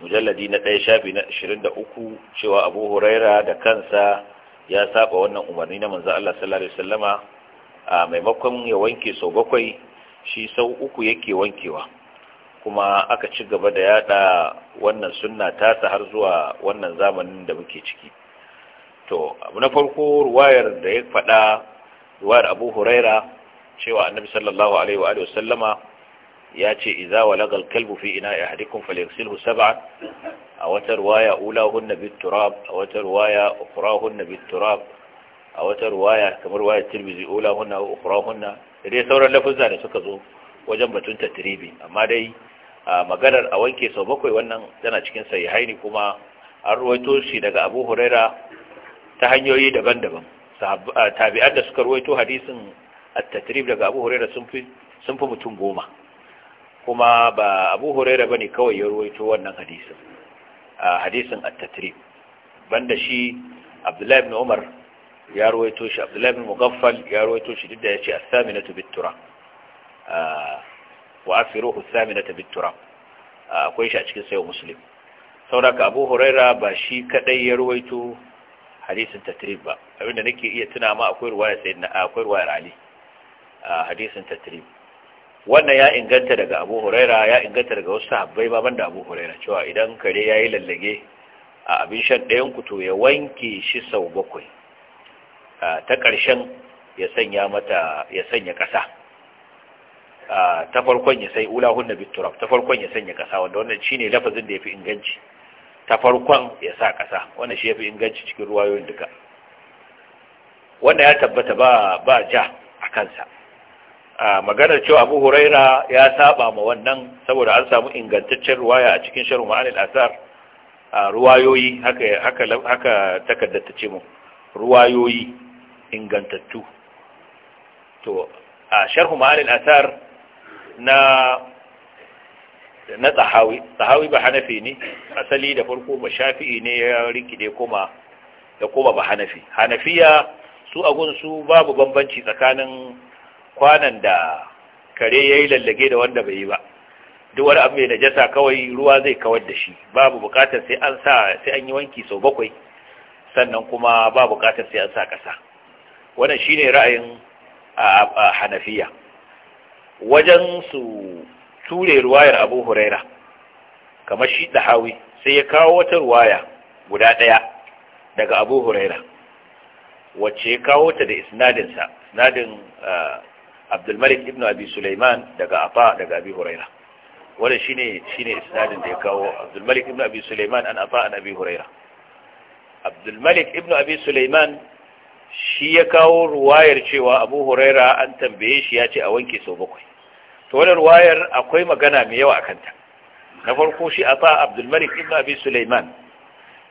mujalladi na ɗaya shafi na 23 cewa abu huraira da kansa ya saba wannan umarni na manzan Allah sallallahu alaihi wasallama a maimakon ya wanke sau bakwai shi sau uku yake wankewa kuma aka ci gaba da yada wannan sunna tasa har zuwa wannan zamanin da muke ciki to abu na farko ruwayar da ya faɗa ruwayar abu huraira cewa annabi sallallahu alaihi wa sallama ya ce idza walagal kalbu fi ina ahadikum falyaghsilhu saba a wata ruwaya hunna, bit turab a wata ruwaya hunna, bit turab a wata ruwaya kamar ruwaya ula, hunna, wa hunna, dai sauran lafuzza da suka zo wajen batun tatribi amma dai maganar a wanke sau bakwai wannan tana cikin sahihaini kuma an ruwaito shi daga Abu Huraira ta hanyoyi daban-daban tabi'an da suka ruwaito hadisin التتريب لغا daga هريرة Hurairah sun fi mutum goma kuma ba Abu حديثا ne kawai ya ruwaito wannan hadisin hadisin at banda shi بن مغفل Umar ya ruwaito shi Abdullah ibn وعفروه ya ruwaito shi duk da yace as-saminatu bit wa cikin sauraka abu huraira ba shi kadai ya ruwaito hadisin tatrib ba abinda nake iya tuna ma akwai ruwaya sayyidina akwai ruwaya ali A hadisin tatrib wannan ya inganta daga Abu Huraira ya inganta daga wasu sahabbai ba banda Abu Huraira cewa idan kare yayi lallage a abin shan ɗayan ku to ya wanke shi sau bakwai ta ƙarshen ya sanya mata ya sanya ƙasa ta farkon ya sai bitturaf ta farkon ya sanya ƙasa wanda wannan shine lafazin da yafi inganci ta farkon ya sa ƙasa wannan shi yafi inganci cikin ruwayoyin duka Wannan ya tabbata ba ba ja a kansa A maganar cewa abu huraira ya saba ma wannan saboda an samu ingantaccen ruwaya a cikin shirin ma'anin asar a ruwayoyi haka takardar ta ce mu ruwayoyi ingantattu to a sharhu ma'anin asar na na tsahawi tsahawi ba hanafi ne asali da farko ba shafi'i ne ya rikide kuma ya koma ba hanafi hanafiya su a gunsu babu bambanci tsakanin kwanan da kare ya yi lallage da wanda bai yi ba duk wani abu mai najasa kawai ruwa zai kawar da shi babu bukatar sai an sa sai an yi wanki sau bakwai sannan kuma ba bukatar sai an sa kasa wannan shine ra'ayin hanafiya wajen su ture ruwayar abu huraira kamar shi da hawi sai ya kawo wata ruwaya guda ɗaya daga abu huraira wacce ya kawo ta da isnadinsa isnadin abdulmalik ibn abi sulaiman daga afa daga abi huraira wanda shine shine isnadin da ya kawo abdulmalik ibn abi sulaiman an afa an abi huraira abdulmalik ibn abi sulaiman shi ya kawo ruwayar cewa abu huraira an tambaye shi ya ce a wanke sau bakwai to wani ruwayar akwai magana mai yawa a kanta na farko shi afa abdulmalik ibn abi sulaiman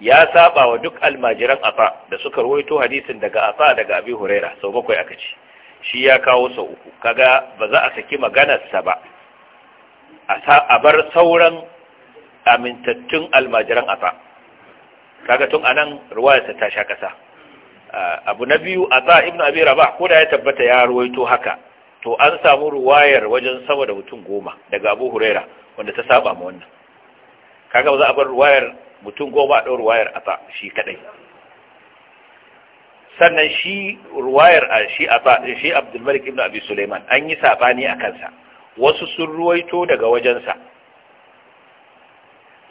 ya saba wa duk almajiran afa da suka ruwaito hadisin daga afa daga abi huraira sau bakwai aka ce shi ya kawo sau uku kaga ba za a saki maganarsa ba a bar sauran amintattun almajiran a fa. kaga tun anan ruwayarsa ta sha kasa abu na biyu za ibnu abi ba ko da ya tabbata ya ruwaito haka to an samu ruwayar wajen sama da mutum goma daga abu huraira wanda ta saba ma wannan kaga ba za a bar ruwayar mutum goma a ɗau ruwayar ata shi kaɗai. sannan shi ruwayar a shi shi Abdulmalik ibn Abi Sulaiman an yi sabani a kansa wasu sun ruwaito daga wajensa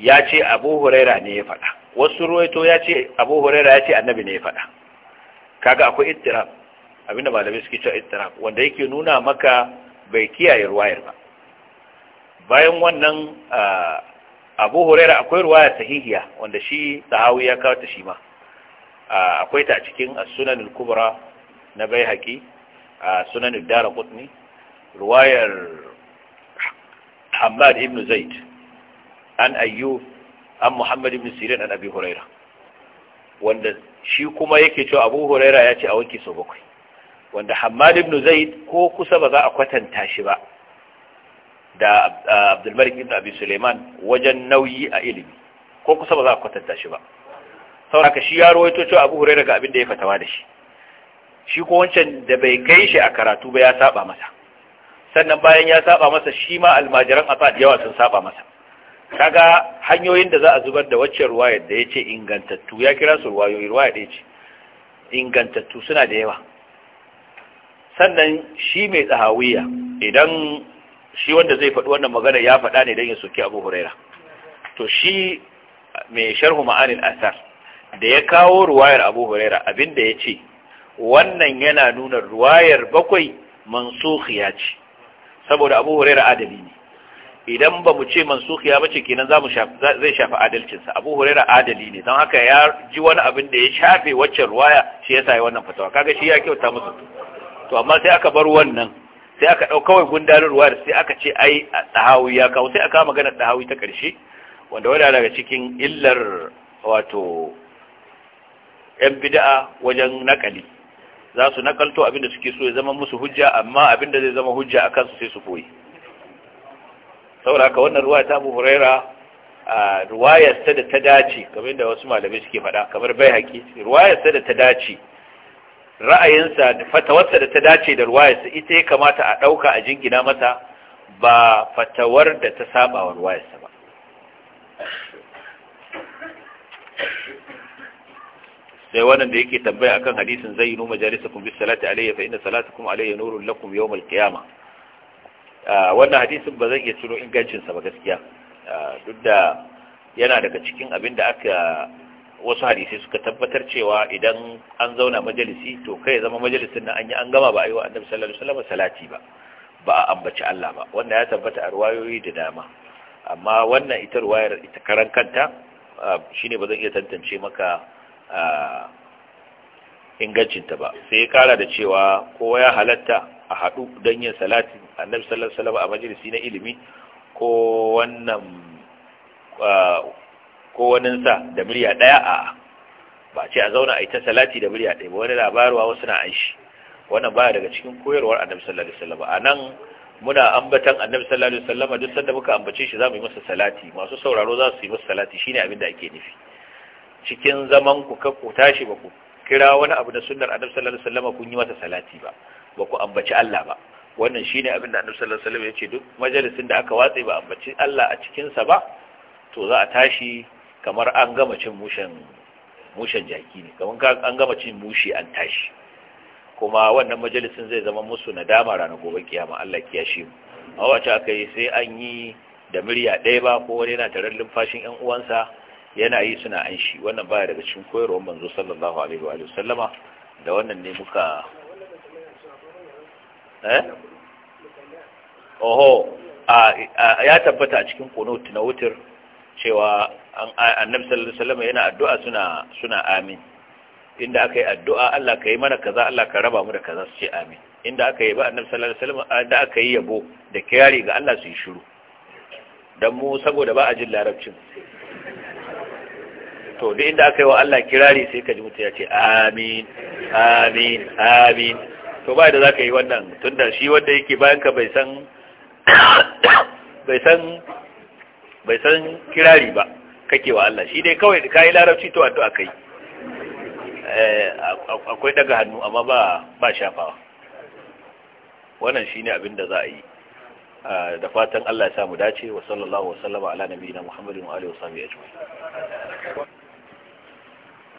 ya ce Abu Huraira ne ya faɗa wasu ruwaito ya ce Abu Huraira ya ce Annabi ne ya faɗa kaga akwai ittirab abinda malamai suke cewa ittirab wanda yake nuna maka bai kiyaye ruwayar ba bayan wannan Abu Huraira akwai ruwaya sahihiya wanda shi Tahawi ya kawo ta shi ma akwai ta cikin as-sunan al-kubra na baihaqi sunan ad-darqutni riwayar Hamad ibn Zaid an Ayyub an Muhammad ibn Sirin an Abi Huraira wanda shi kuma yake cewa Abu Huraira ya ce a wanki sau bakwai wanda Hamad ibn Zaid ko kusa ba za a kwatanta shi ba da Abdulmalik ibn Abi Suleiman wajen nauyi a ilimi ko kusa ba za a kwatanta shi ba sauraka shi ya rawaito cewa abu huraira ga abin da ya fatawa da shi shi ko wancan da bai kai shi a karatu ba ya saba masa sannan bayan ya saba masa shi ma almajiran asa da yawa sun saba masa kaga hanyoyin da za a zubar da waccan ruwayar da yace ingantattu ya kira su ruwayoyi ruwaya da yace ingantattu suna da yawa sannan shi mai tsahawiya idan shi wanda zai faɗi wannan magana ya faɗa ne don ya soki abu huraira to shi mai sharhu ma'anin asar da ya kawo ruwayar abu huraira abinda ya ce wannan yana nuna ruwayar bakwai mansukhiya ce saboda abu huraira adali ne idan ba mu ce mansukhiya ba ce kenan zai shafi adalcinsa abu huraira adali ne don haka ya ji wani abin da ya shafe waccan ruwaya shi ya sayi wannan fatawa kaga shi ya kyauta musu to amma sai aka bar wannan sai aka ɗau kawai gundarin ruwayar sai aka ce ai ɗahawi ya kawo sai aka magana ɗahawi ta ƙarshe wanda wadda daga cikin illar wato yan bida'a wajen nakali za su nakalto abinda suke so ya zama musu hujja amma abinda zai zama hujja a kansu sai su koyi saboda wannan ruwa ta Abu Huraira ruwayar ta da ta dace kamar yadda wasu malamai suke faɗa kamar bai haƙi ruwayar da ta dace ra'ayinsa da fatawarsa da ta dace da ruwayarsa ita ya kamata a ɗauka a jingina mata ba fatawar da ta saba wa ruwayarsa ba sai wannan da yake tambaya akan hadisin zainu kun bi salati alayya fa inna salatukum alayya nurun lakum yawm al wannan hadisin ba zan iya ciro ingancin sa ba gaskiya duk da yana daga cikin abin da aka wasu hadisai suka tabbatar cewa idan an zauna majalisi to kai zama majalisin nan an yi an gama ba a yi wa annabi sallallahu alaihi wasallam salati ba ba a ambaci Allah ba wannan ya tabbata a ruwayoyi da dama amma wannan ita ruwayar ita karan shine ba zan iya tantance maka ingancinta ba sai ya kara da cewa kowa ya halatta a haɗu don yin salatin annabi sallallahu alaihi wasallam a majalisi na ilimi ko wannan ko sa da murya ɗaya a ba ce a zauna a yi ta salati da murya ɗaya ba wani labarwa wasu na an shi wannan baya daga cikin koyarwar annabi sallallahu alaihi wasallam a nan muna ambatan annabi sallallahu alaihi wasallam duk sanda muka ambace shi za mu yi masa salati masu sauraro za su yi masa salati shine abin da ake nufi cikin zaman ku ka ku tashi ba ku kira wani abu na sunnar annabi sallallahu alaihi wasallam kun yi masa salati ba ba ku ambaci Allah ba wannan shine abin da annabi sallallahu alaihi wasallam ya ce duk majalisin da aka watse ba ambaci Allah a cikin sa ba to za a tashi kamar an gama cin mushen mushen jaki ne kamar an gama cin mushi an tashi kuma wannan majalisin zai zama musu nadama ranar gobe kiyama Allah kiyashe mu a wace aka yi sai an yi da murya ɗaya ba ko wani yana tarar lumfashin 'yan uwansa yana yi suna an shi wannan baya daga cikin koyarwar manzo sallallahu alaihi wa sallama da wannan ne muka eh oho ya tabbata a cikin qunut na wutar cewa annabi sallallahu alaihi wasallam yana addu'a suna suna amin inda aka yi addu'a Allah ka yi mana kaza Allah ka raba mu da kaza su ce amin inda aka yi ba annabi sallallahu alaihi wasallam da aka yi yabo da kiyari ga Allah su yi shiru dan mu saboda ba a jin larabcin to duk inda aka yi wa Allah kirari sai ka ji mutu ya ce amin amin amin to ba da ka yi wannan tunda shi wanda yake bayan ka bai san bai san bai san kirari ba kake wa Allah shi dai kawai ka yi larabci to addu'a kai eh, akwai daga hannu amma ba ba shafawa wannan shine abin da za a yi ah, da fatan Allah ya samu dace wa sallallahu wa sallama ala nabiyina Muhammadin wa alihi wa sahbihi ajma'in